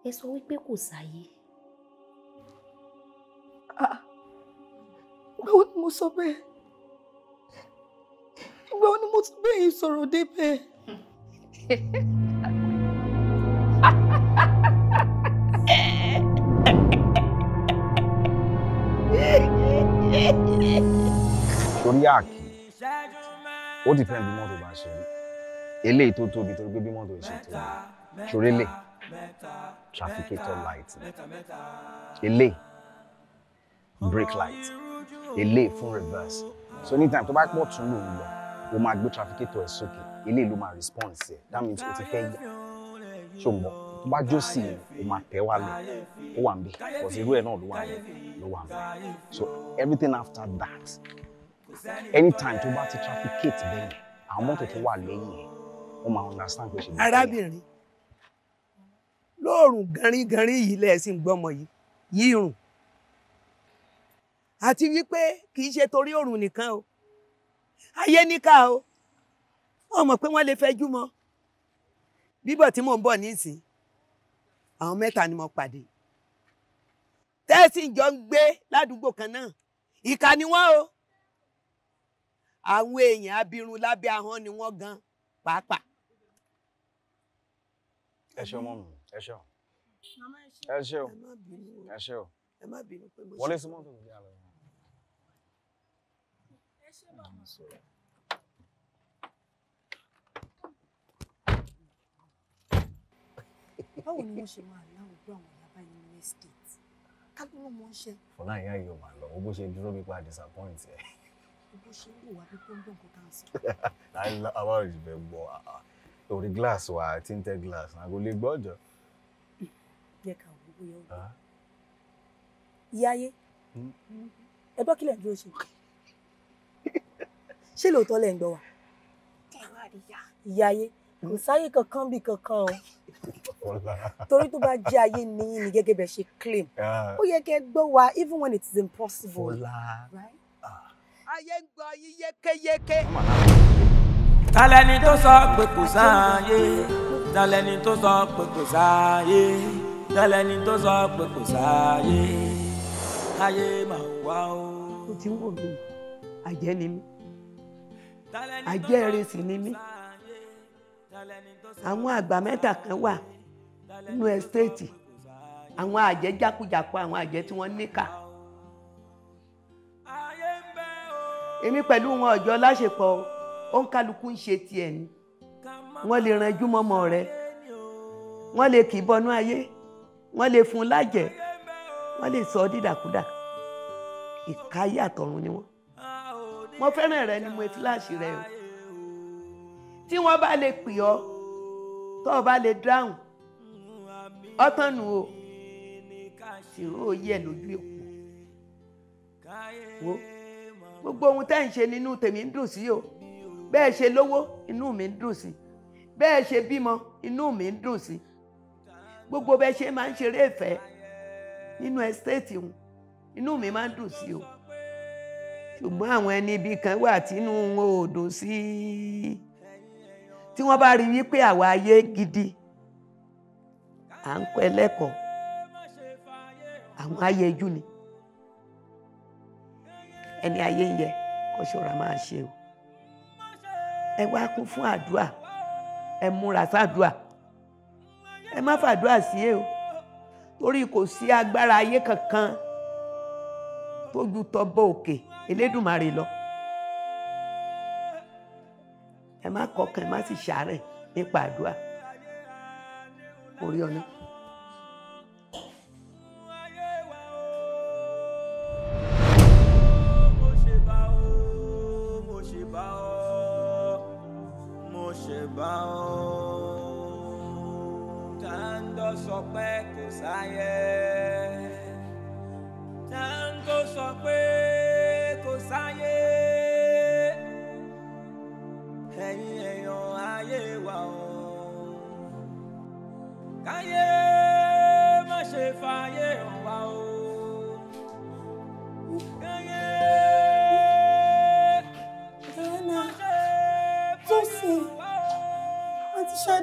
Speaker 4: ẹ sọ wípé kò sáyé. Ah, Báwo ni mo sọ bẹ́ẹ̀? Báwo ni mo ti bẹ́yìn sọ̀rọ̀ débẹ̀?
Speaker 1: orí àkì ó depend bí mọ́tò bá ṣe rí eléyìí tó tóbi torí pé bí mọ́tò ẹ̀ ṣe tóbi ṣoré lè trafficator light eléyìí brake light eléyìí fún reverse so anytime tó bá pọ̀ tún lòun lọ o máa gbé trafficator ẹ̀ sókè eléyìí ló máa response ẹ̀ that means o ti fẹ́ yà ṣùgbọ́n tó bá jó sí i o máa tẹ́ wá lọ ó wà ń bẹ̀ kọ̀ọ̀sì irú ẹ̀ náà ló wà ń bẹ̀ ló wà ń bẹ̀ so everything after that anytime tó bá ti trafficate bẹ́ẹ̀ àwọn mọ́tò tó wà lẹ́yìn ẹ̀ wọ́n máa understand bó ṣe lè. arábìnrin
Speaker 5: lóòrùn gánrígánrí yìí lẹ́ẹ̀sì ń gbọ́mọ yìí yìí rùn àti wípé kì í ṣe torí òrùn nìkan o ayé níkà o wọ́n mọ̀ pé wọ́n lè fẹjú mọ́ bíbọ̀ tí mò ń bọ̀ nísìn àwọn mẹ́ta ni mo pàdé tẹ́sí jọ ń gbé ládùúgbò kan náà ìkà ni o àwọn èèyàn abirun lábẹ́ ahọ́n ni wọ́n gan pàápàá.
Speaker 1: ẹ ṣe ọmọ mi ẹ ṣe ọ ẹ ṣe ọ ẹ ṣe ọ wọlé sí mọ́tò nìyá rẹ.
Speaker 4: báwo ni wọ́n ṣe máa láwùjọ àwọn yàrá yìí ní state kágbọ́n mọ́ ṣe.
Speaker 1: fọláyà yóò máa lọ owó bó ṣe dúró mi pa disappoint ẹ bó ṣe ń wò wá gbọ́ ah, ah. orí glass wa tinted glass náà kò lè gbọ́ ọ̀jọ̀.
Speaker 4: yẹ ká wọ bóyá ó gbọ́. Ah. ìyá ayé hmm. ẹ gbọ́ kílẹ̀ ń dúró ṣe ṣé lóòótọ́ lẹ̀ ń gbọ́ wa. ìyá ayé kò hmm. sáyé kankan bí kankan o torí tó bá jẹ́ ayé níyìn ni gẹ́gẹ́ bẹ́ẹ̀ ṣe claim ó yẹ kẹ́ gbọ́ wa even when it is impossible. right?
Speaker 5: ayé ń gbọ́ yín yékéyéké.
Speaker 7: talẹ́ni tó sọ pé kò sáàyè talẹ́ni tó sọ pé kò sáàyè talẹ́ni tó sọ pé kò sáàyè
Speaker 5: ayé máa wá o. o ti ń wò mí àjẹ́ ni mí àjẹ́ ìrẹsì ni mí àwọn àgbà mẹ́ta kan wà nínú ẹ́stéètì àwọn àjẹ́ jákujàku àwọn àjẹ́ tí wọ́n níkà. èmi pẹ̀lú wọn ọ̀jọ́ láṣepọ̀ ó ń kálukú ń ṣe tiẹ̀ ni wọ́n lè ranjú mọ́mọ́ rẹ wọ́n lè kì í bọnú ayé wọ́n lè fún un lájẹ̀ wọ́n lè sọ ọ́ dídàkudà ìkáyé àtọ̀run ni wọ́n mo fẹ́ràn rẹ ni mo fi láṣì rẹ o tí wọ́n bá lè pè ọ́ tó o bá lè dáhùn ọtán nù o sì rò ó yẹ lójú èkó wo gbogbo ohun tẹ́ ń ṣe nínú tèmi ń dùn sí o bẹ́ẹ̀ ṣe lówó inú mi ń dùn sí bẹ́ẹ̀ ṣe bímọ inú mi ń dùn sí gbogbo bẹ́ẹ̀ ṣe máa ń ṣeré ìfẹ́ nínú ẹ́stéètì wọn inú mi máa ń dùn sí o ṣùgbọ́n àwọn ẹni ibi kan wà tínú wọn ò dùn sí tí wọ́n bá rí wípé àwa ayé gidi à ń kọ́ ẹlẹ́kọ̀ọ́ àwọn ayẹjú ni ẹni ayé ń yẹ kó ṣọ́ra máa ṣe o ẹ wá kún fún àdúrà ẹ múra sáàdúrà ẹ má fàdúrà sí e o torí kò sí agbára ayé kankan tó ju tọbọ òkè Elédùmarè lọ ẹ má kọkàn ẹ má sì ṣàárẹ̀ nípa àdúrà orí ọ̀nà.
Speaker 7: wa o tando sọ pé kò sáyé tando sọ pé kò sáyé ẹ̀yin èèyàn ayé wa o káyé.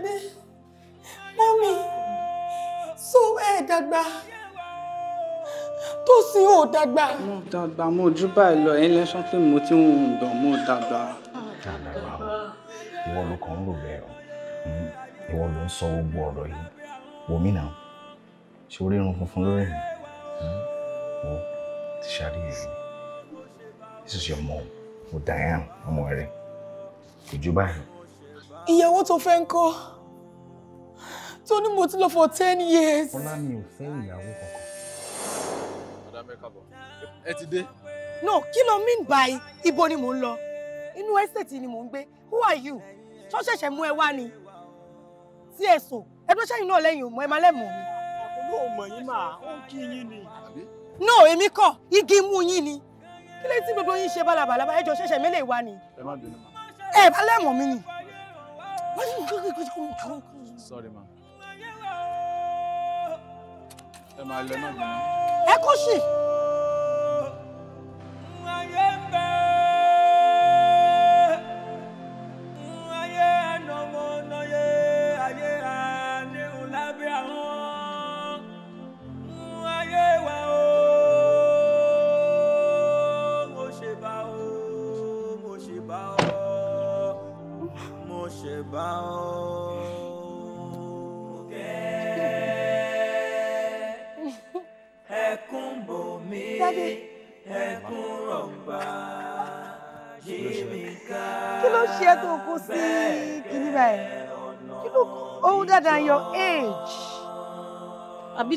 Speaker 4: dé mọ́mí so ẹ̀ dàgbà tó
Speaker 1: sì ò dàgbà. mo dàgbà mo jú báyìí lọ ẹ̀yin lẹ́sán pé mo ti ń wù ń dàn mo dàgbà. dàgbà ìwọ ló kàn ń rò bẹ́ẹ̀ o hmm, ìwọ ló ń sọ gbogbo ọ̀rọ̀ yìí wò náà ṣe orí irun funfun lórí mi hmm, wo ti ṣàríyèsí this is your mom o Diane ọmọ rẹ kò jú báyìí.
Speaker 4: ìyàwó tó fẹ́ ń kọ́ tó ní mo ti lọ for ten years.
Speaker 9: ọlá mi ò fẹ́ ìyàwó kankan. ọ̀dà mẹ́ka bọ̀ ẹ ti dé.
Speaker 4: no kí ló mean by ibo ni mò ń lọ inú estate ni mò ń gbé who are you ṣọ́ṣẹ̀ṣẹ̀ mú ẹ wá ni sí èso ẹgbẹ́ sẹ́yìn náà lẹ́yìn òmù ẹ máa lẹ́mọ̀ mi.
Speaker 3: ọ̀pọ̀lọ́ ọmọ yín máa ó kí yín ni.
Speaker 4: no èmi kọ́ igi mú yín ni kí lè tí gbogbo yín ṣe bálabàlà bá ẹjọ́ ṣẹ̀ṣẹ̀ mélèé wá ni.
Speaker 3: ẹ
Speaker 9: má bínú ma.
Speaker 4: ẹ bá lẹ́mọ̀ mi ni.
Speaker 9: sorry ma. ẹ máa
Speaker 4: lọ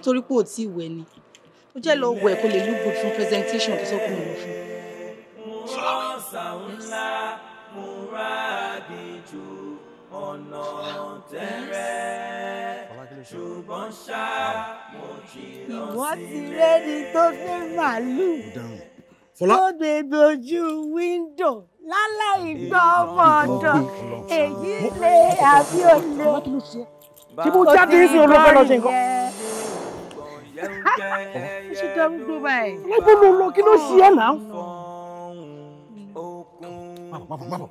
Speaker 4: torí pé ò tí ì wẹ̀ ni ó jẹ́ lọ wẹ̀ kó lè look good fún presentation tó sọ pé fún.
Speaker 7: ṣùgbọ́n ti lọ sí tó
Speaker 4: fẹ́ màlúù tó gbèbè ojú wíńdò lálẹ́ ìgbọ́ ọmọ ọ̀dọ̀ èyí lé àbí olè.
Speaker 6: ṣé mo jáde ní ìsìn olóògbé lọ ṣe nǹkan
Speaker 4: ṣe darúgbó báyìí. alágbó ló lọ kí
Speaker 5: ló ṣe ẹ
Speaker 1: náà.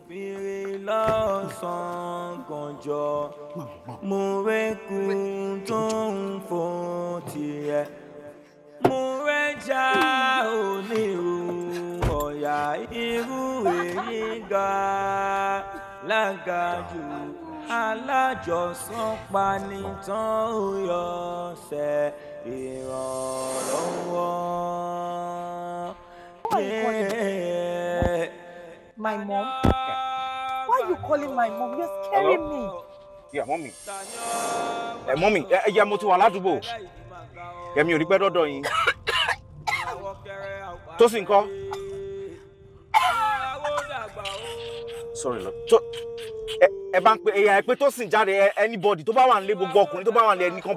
Speaker 1: Fèrè lọ́sàn-án gànjọ́, mo
Speaker 7: rékun tó ń fò tiẹ̀. Mo rẹ́jà onírú ọ̀yà irú èyí ga lágàjù alájọsán panitán ó yọ ọ̀sẹ̀ ìrànlọ́wọ́.
Speaker 4: My mom? Why are you calling my mom? You're scaring Hello? me.
Speaker 1: Yeah, mommy. Hey, eh, mommy, eh, eh, yeah, yẹ mo ti wà ládùúgbò. Yẹmi ò rí pẹ́ dọ́dọ̀ yín. Tósìn ńkọ́. Sorry lọ. To. ẹ bá ń pe èèyàn ẹ pé Tósìn jáde anybody To ba wà nílé gbogbo
Speaker 3: ọkùnrin To ba wà nílé ni kan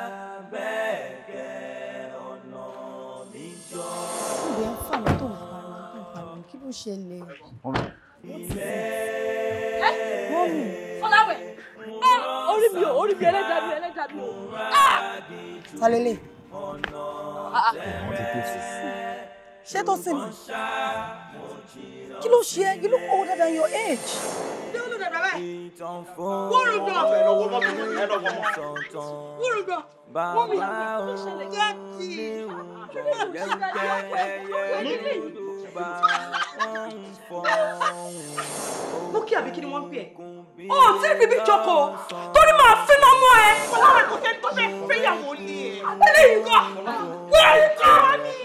Speaker 4: ṣẹlẹ̀. mọ́mí fọláwẹ̀ orí mi ò orí mi ẹlẹ́dàá mi ẹlẹ́dàá mi ò. falẹ́lẹ̀. ṣé tó sìn mí kí ló ṣe ẹ́ you look older than your age
Speaker 7: wúrùgbọ̀ wúrùgbọ̀ wọ́n mi yàgbọ́
Speaker 4: tó ṣẹlẹ̀ jẹ́ kí bá wọn ń fọ òun. Búkì àbí kí ni wọ́n ń pè ẹ́? Ó ti rí bíbí jókòó torí màá finá mọ́ ẹ. Ọlọ́run kò fẹ́ tó fẹ́ fẹ́yàwó ni ẹ̀. Abẹ́lé yìí kọ́, wọ́n yìí kọ́ ni.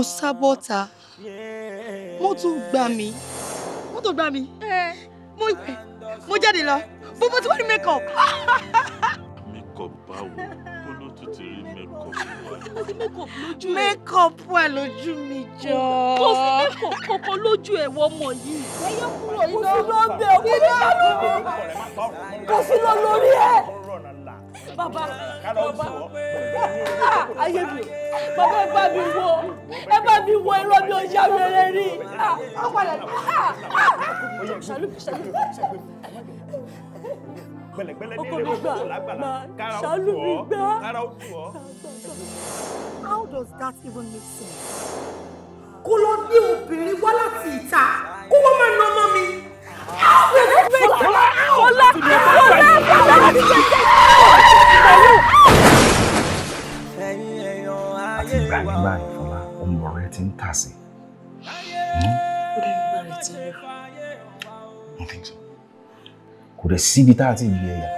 Speaker 4: mo sá bọ́ta mọ́tò gbá mo mọ́tò gbá mi mo ìwẹ̀ mo jáde lọ bó mo ti wá ní makeup. makeup
Speaker 8: báwo kó ló tún ti rí makeup wá.
Speaker 4: kò sí makeup ẹ. lójú mi jọ. kò sí makeup kankan lójú ẹ wọ́n mọ̀ yìí. ẹyọ kúrò iná kò sí lọ bẹ ọkọ kò sí lọ lórí ẹ
Speaker 3: bàbá bàbá ayé mi bàbá ẹ bá mi wo ẹ bá mi wo irọ́ mi ò yá rere rí ọ padà ṣàlù ṣàlù gbẹlẹgbẹlẹ ní ilé
Speaker 4: How does that even make sense? kó lọ bí obìnrin wá láti ìta kó wọ́n máa ná mi.
Speaker 1: Àtìgbàdìgbà ìfọ̀lá ọmọ rẹ ti ń tà sí. Ó think so. Kò dẹ̀ síbi tá a ti gbé ẹ̀yà.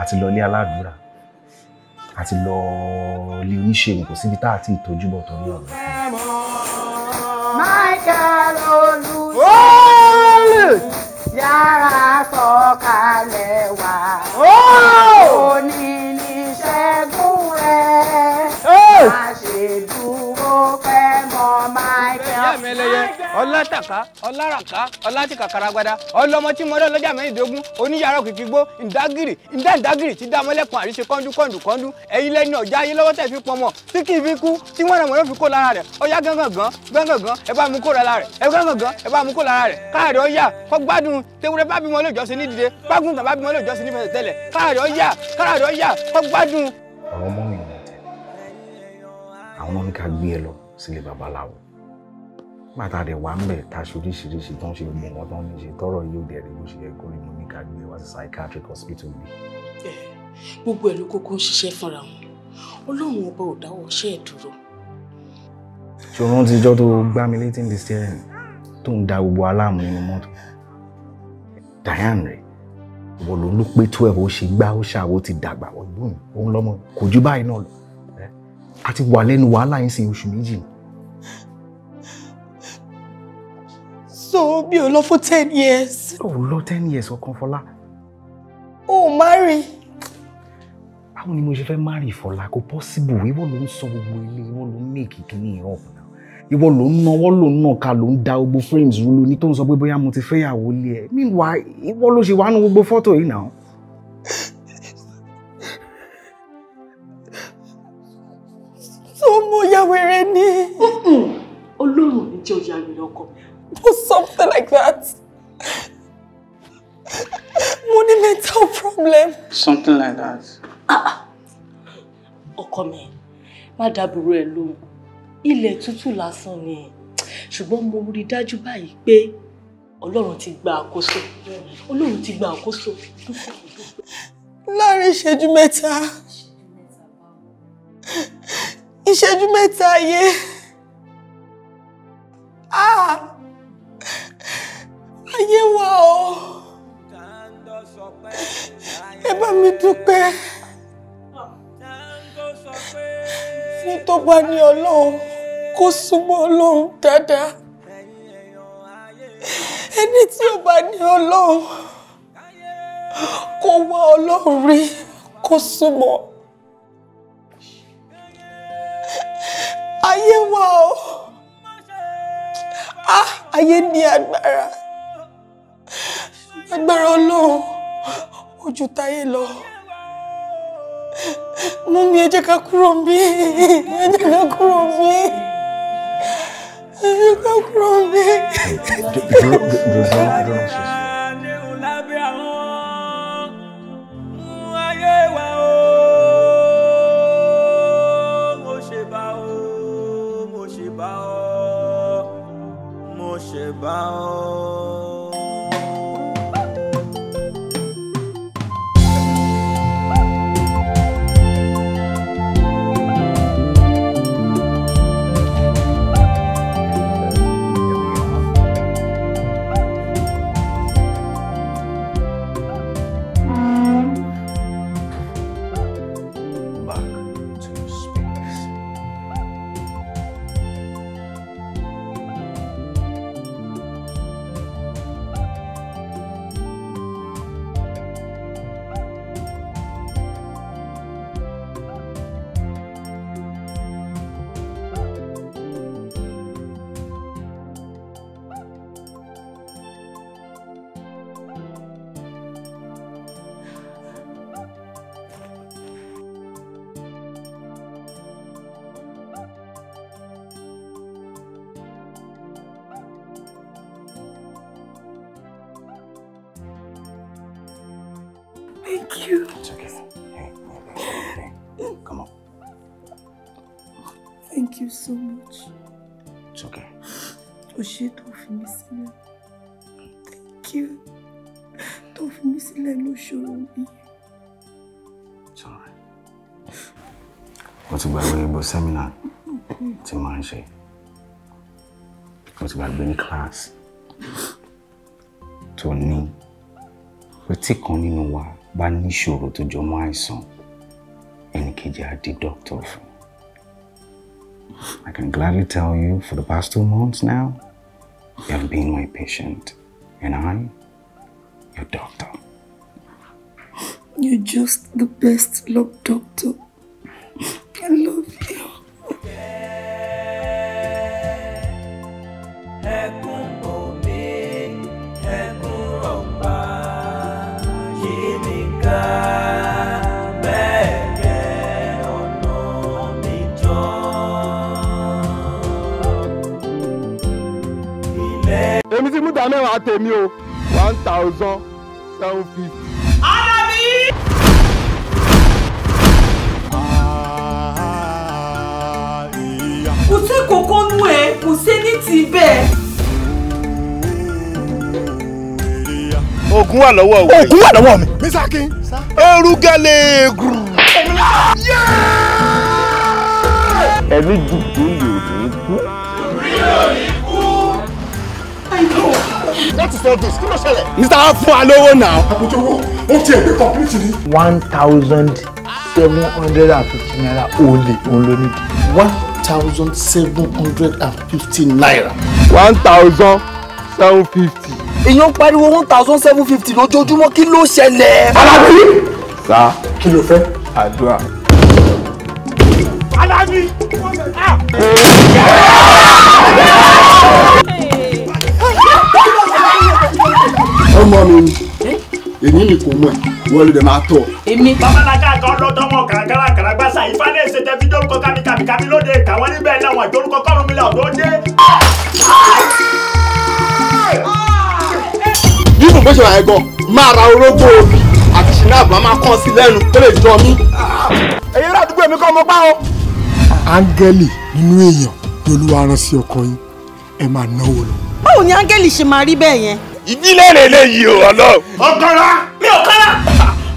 Speaker 1: A ti lọ ilé aládùúrà. A ti lọ ilé oníṣègùn kò síbi tá a ti tọ́jú bọ̀ torí ọ̀rọ̀
Speaker 6: fún
Speaker 7: yàrá sọ̀kalẹ̀.
Speaker 2: ọlátàká ọláràká ọlátìkàkàràgbada ọlọmọ tí mo lọ́jà mẹ́rìndínlógún oníyàrá òkìkí gbó ǹdágìrì ǹdá ǹdágìrì ti dá mọ́lẹ́kùn àríṣe kọ́ńdú kọ́ńdú kọ́ńdú ẹ̀yin lẹ́ni ọ̀já ayé lọ́wọ́ tẹ̀ fi pọn mọ̀ tí kì í fi kú tí wọ́n rẹ̀mọ́ yóò fi kó lára rẹ̀ ọ̀yá gángan gángan gángan ẹ bá mú kó lára rẹ̀ ẹ gángan gan ẹ bá mú kó lára rẹ̀ káàrẹ̀ ọ̀yà kọ́ gbádùn tewúrẹ́ bá bímọ lóòjọ́sí ní dìde bágùn tàn bá bímọ lóòjọ́sí ní fẹsẹ̀ tẹ́lẹ̀ káàrẹ̀ ọ̀yà káàrẹ̀
Speaker 3: ọ̀yà kọ́ gbádùn.
Speaker 1: àwọn ọmọ mi ò tẹ àwọn ọmọ mi ká gbé ẹ lọ sílé babaláwo bàtà rẹ̀ wà ń bẹ̀ ta ṣoríṣiríṣi tó ń ṣe mọ̀ wọ́n tó ń ṣe tọrọ yìí ò psychiatric hospital bi. Eh,
Speaker 4: gbogbo ẹ̀ ló kókó ń ṣiṣẹ́ fúnra wọn ọlọ́run ọba ò dáwọ́ ṣe é dúró.
Speaker 1: ṣòro ti jọ́ da gbogbo aláàmú nínú mọ́tò Diane rẹ̀ wọ́n ló ló pé twelve ó ṣe gbá ó ṣàwó ti dàgbà ọdún òun lọ́mọ kò
Speaker 4: so mi ò lọ fún ten
Speaker 1: years. o ò lọ ten years ọkàn Fọlá.
Speaker 4: o Oh, marry.
Speaker 1: báwo ni mo ṣe fẹ́ marry Fọlá kò possible ìwọ ló ń sọ gbogbo ilé ìwọ ló ń make it ẹ̀ up ìwọ ló ń nawọ́ ló ń nàka ló ń da gbogbo frames rú lóní tó ń sọ pé bóyá mo ti fẹ́yàwó lé ẹ̀ meanwhile ìwọ ló ṣe wá nu gbogbo fọ́tò yìí náà.
Speaker 4: tó mú yàwèrè ni. ọlọ́run ní jẹ́ òyàwèrè ọkọ mi problem?
Speaker 8: Something like that.
Speaker 4: Ah, ah. Ọkọ mi, má dábùrú ẹ lóhùn. Ilẹ̀ tútù lásán ni. Ṣùgbọ́n mo rí dájú báyìí pé Ọlọ́run ti gba àkóso. Ọlọ́run ti gba àkóso. Láàárín ìṣẹ́jú mẹ́ta. Ìṣẹ́jú mẹ́ta yé. Ah! Ayé wa o. Oh ẹ bá mi dúpẹ́ ní tó bá ní ọlọ́run kó súnmọ́ ọlọ́run dáadáa ẹni tí ó bá ní ọlọ́run kó wá ọlọ́run rí kó súnmọ́ ayé wa o ah ayé ní agbára agbára ọlọ́run ojú táyé lọ mú mi ẹ jẹ́ ká kúrò ń ẹ jẹ́ ká kúrò ń ẹ jẹ́ ká kúrò ń bí. I emotional mi.
Speaker 1: mo ti gbàgbé gbogbo sẹ́mínà tí màá ń ṣe mo ti gbàgbé ní class. tó ní pé tí kan nínú wa bá sure tó join jọ mọ́ àìsàn ẹnìkejì á the doctor fún. I can gladly tell you for the past two months now, you have been my patient and I, your doctor.
Speaker 4: You're just the best love doctor. I love you. Ẹkún omi,
Speaker 3: ti mú ta mẹ́wàá tèmi o one thousand seven fifty.
Speaker 4: kankan nú ẹ kò sẹ́ni tí bẹ́ẹ̀.
Speaker 2: ogun wà lọ́wọ́ o. ogun wà lọ́wọ́ mi. misaki. erugale guru.
Speaker 3: ẹni dùdú yóò ní kú.
Speaker 2: yóò ní kú. What is all this? Kí ló ṣẹlẹ̀? Mr. Afun Alowo now. Àpótí owó, ó ti ẹ̀gbẹ́ complete ni. One thousand seven hundred and fifty naira olè òun ló nídìí. One thousand seven hundred and fifty naira. one thousand seven fifty. èèyàn pariwo one thousand seven fifty lójoojúmọ́ kí ló ṣẹlẹ̀. alábí. sá. kí ló fẹ́. àdúrà. alábí. ọmọ mi ni èmi nìkan mọ ẹ wọlé dẹ máa tọ.
Speaker 3: èmi. babalájà kan. ìka mi lóde ìka wọn níbẹ̀ náà wọn ìjórúkọ kọ́run mi là ọ̀dọ́ dé. nínú bó ṣe wà ẹ̀gọ́ máa ra orógbó omi àti ṣìnà àbá máa kàn sí lẹ́nu tó lè jọ mí. èyí rà àdúgbò mi kọ́ mo pa o.
Speaker 2: áńgẹ́lì nínú èèyàn ni olúwa rán sí ọkọ yín ẹ máa náwó lọ.
Speaker 3: báwo ni áńgẹ́lì ṣe máa rí bẹ́ẹ̀ yẹn. ìdílé rẹ̀ lè yí o ọlọ́run. ọkọ mi ò kọ́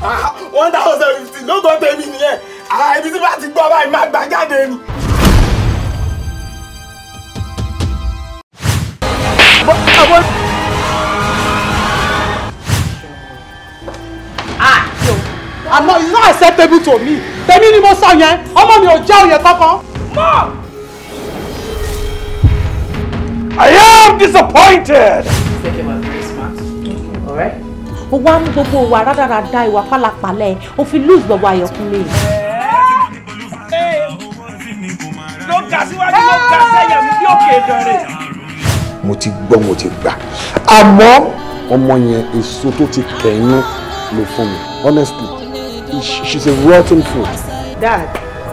Speaker 3: ah, one thousand fifty ló gbọ́ tẹ̀mí nìyẹn. Ah, ibi tí bá ti gbọ́ báyìí máa gbà jáde ni.
Speaker 2: Ah, àná it's not acceptable to me tèmi ni mo sọ yẹn ọmọ mi ò jẹ́ òye kankan.
Speaker 1: I am disappointed.
Speaker 4: ó wá mú gbogbo wa rádaràda ìwà pálapàlẹ̀ ó fi lose bàbá
Speaker 3: Ayọ̀kúnlé. ga síwájú mo ga sẹ́yìn mi bí òkè ìdánrẹ́.
Speaker 2: mo ti gbọ́ mo ti gbà àmọ́ ọmọ yẹn èso tó ti kẹ̀yìn ló fún mi honestly she's a rotten
Speaker 8: fool.
Speaker 4: dad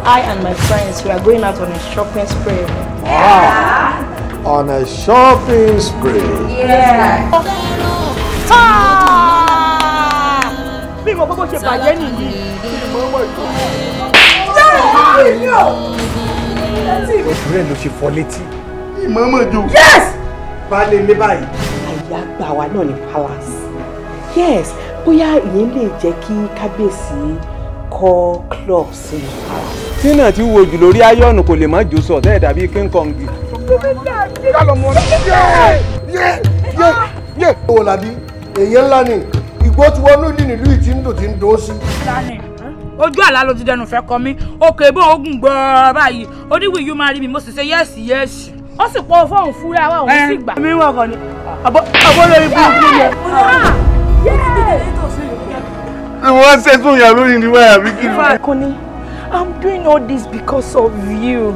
Speaker 4: I and my friends we are going out on a shopping spree. Wow.
Speaker 8: Ah, on a shopping spree.
Speaker 3: Yeah. Bí mo gbogbo ṣe bàjẹ́ nìyí, kí ni
Speaker 2: òṣùrẹ́ ló ṣe fọ létí. ìmọ̀ọ́mọ̀ yes. baálé ilé
Speaker 4: báyìí. àyà gbà wá náà ní palace. yes bóyá ìyẹn lè jẹ́ kí kábíyèsí kọ́ club sí i.
Speaker 9: tí ti wo jù lórí ayọ́nù kò lè má jù sọ tẹ́ẹ̀ dàbí king kong.
Speaker 2: kálọ̀ làbí èyí ńlá ni ìgbó tí wọ́n ní ìlú ìtì ń dò ti ń dò sí ojú àlá
Speaker 4: ló ti dẹnu fẹ́ kọ mí òkè bó ogun gbọ́ọ́ báyìí oníwì yóò máa rí mi mo sì ṣe yẹ́sì yẹ́sì ó sì pọ fóun fúra wa òun sì gbà. mi wọ kàn ní
Speaker 3: abọ́lé ibùkún yẹn. wọ́n ṣe tún yàrá lórí ìníwáyà bí kí.
Speaker 4: kò I'm doing all this because of you.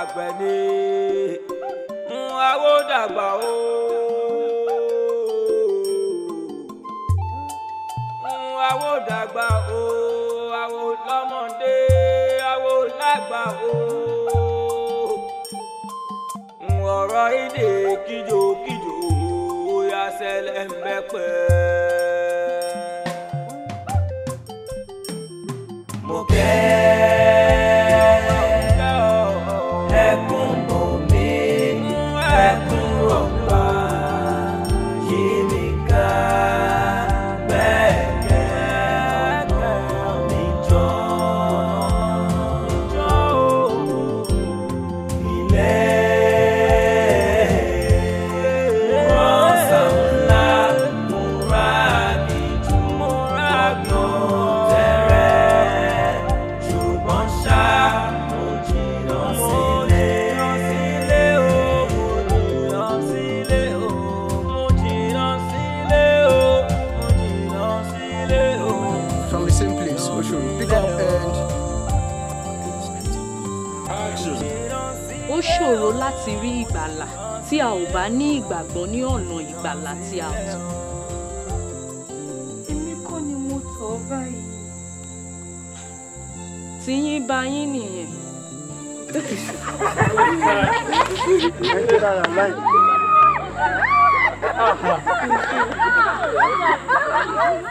Speaker 7: àgbẹ̀ ni àwo dàgbà o. àwo dàgbà o àwo lọ́mọdé àwo lágbà o. ọ̀rọ̀ ilé kíjokíjo ó yá ṣẹlẹ̀ ń bẹ́ pẹ́ẹ́.
Speaker 4: ní ìgbàgbọ́ ní ọ̀nà ìgbàlà tí a tọ̀. èmi kọ́ ni mo tọ̀ ọ́ báyìí. tiyín bá yín nìyẹn.
Speaker 6: Ah,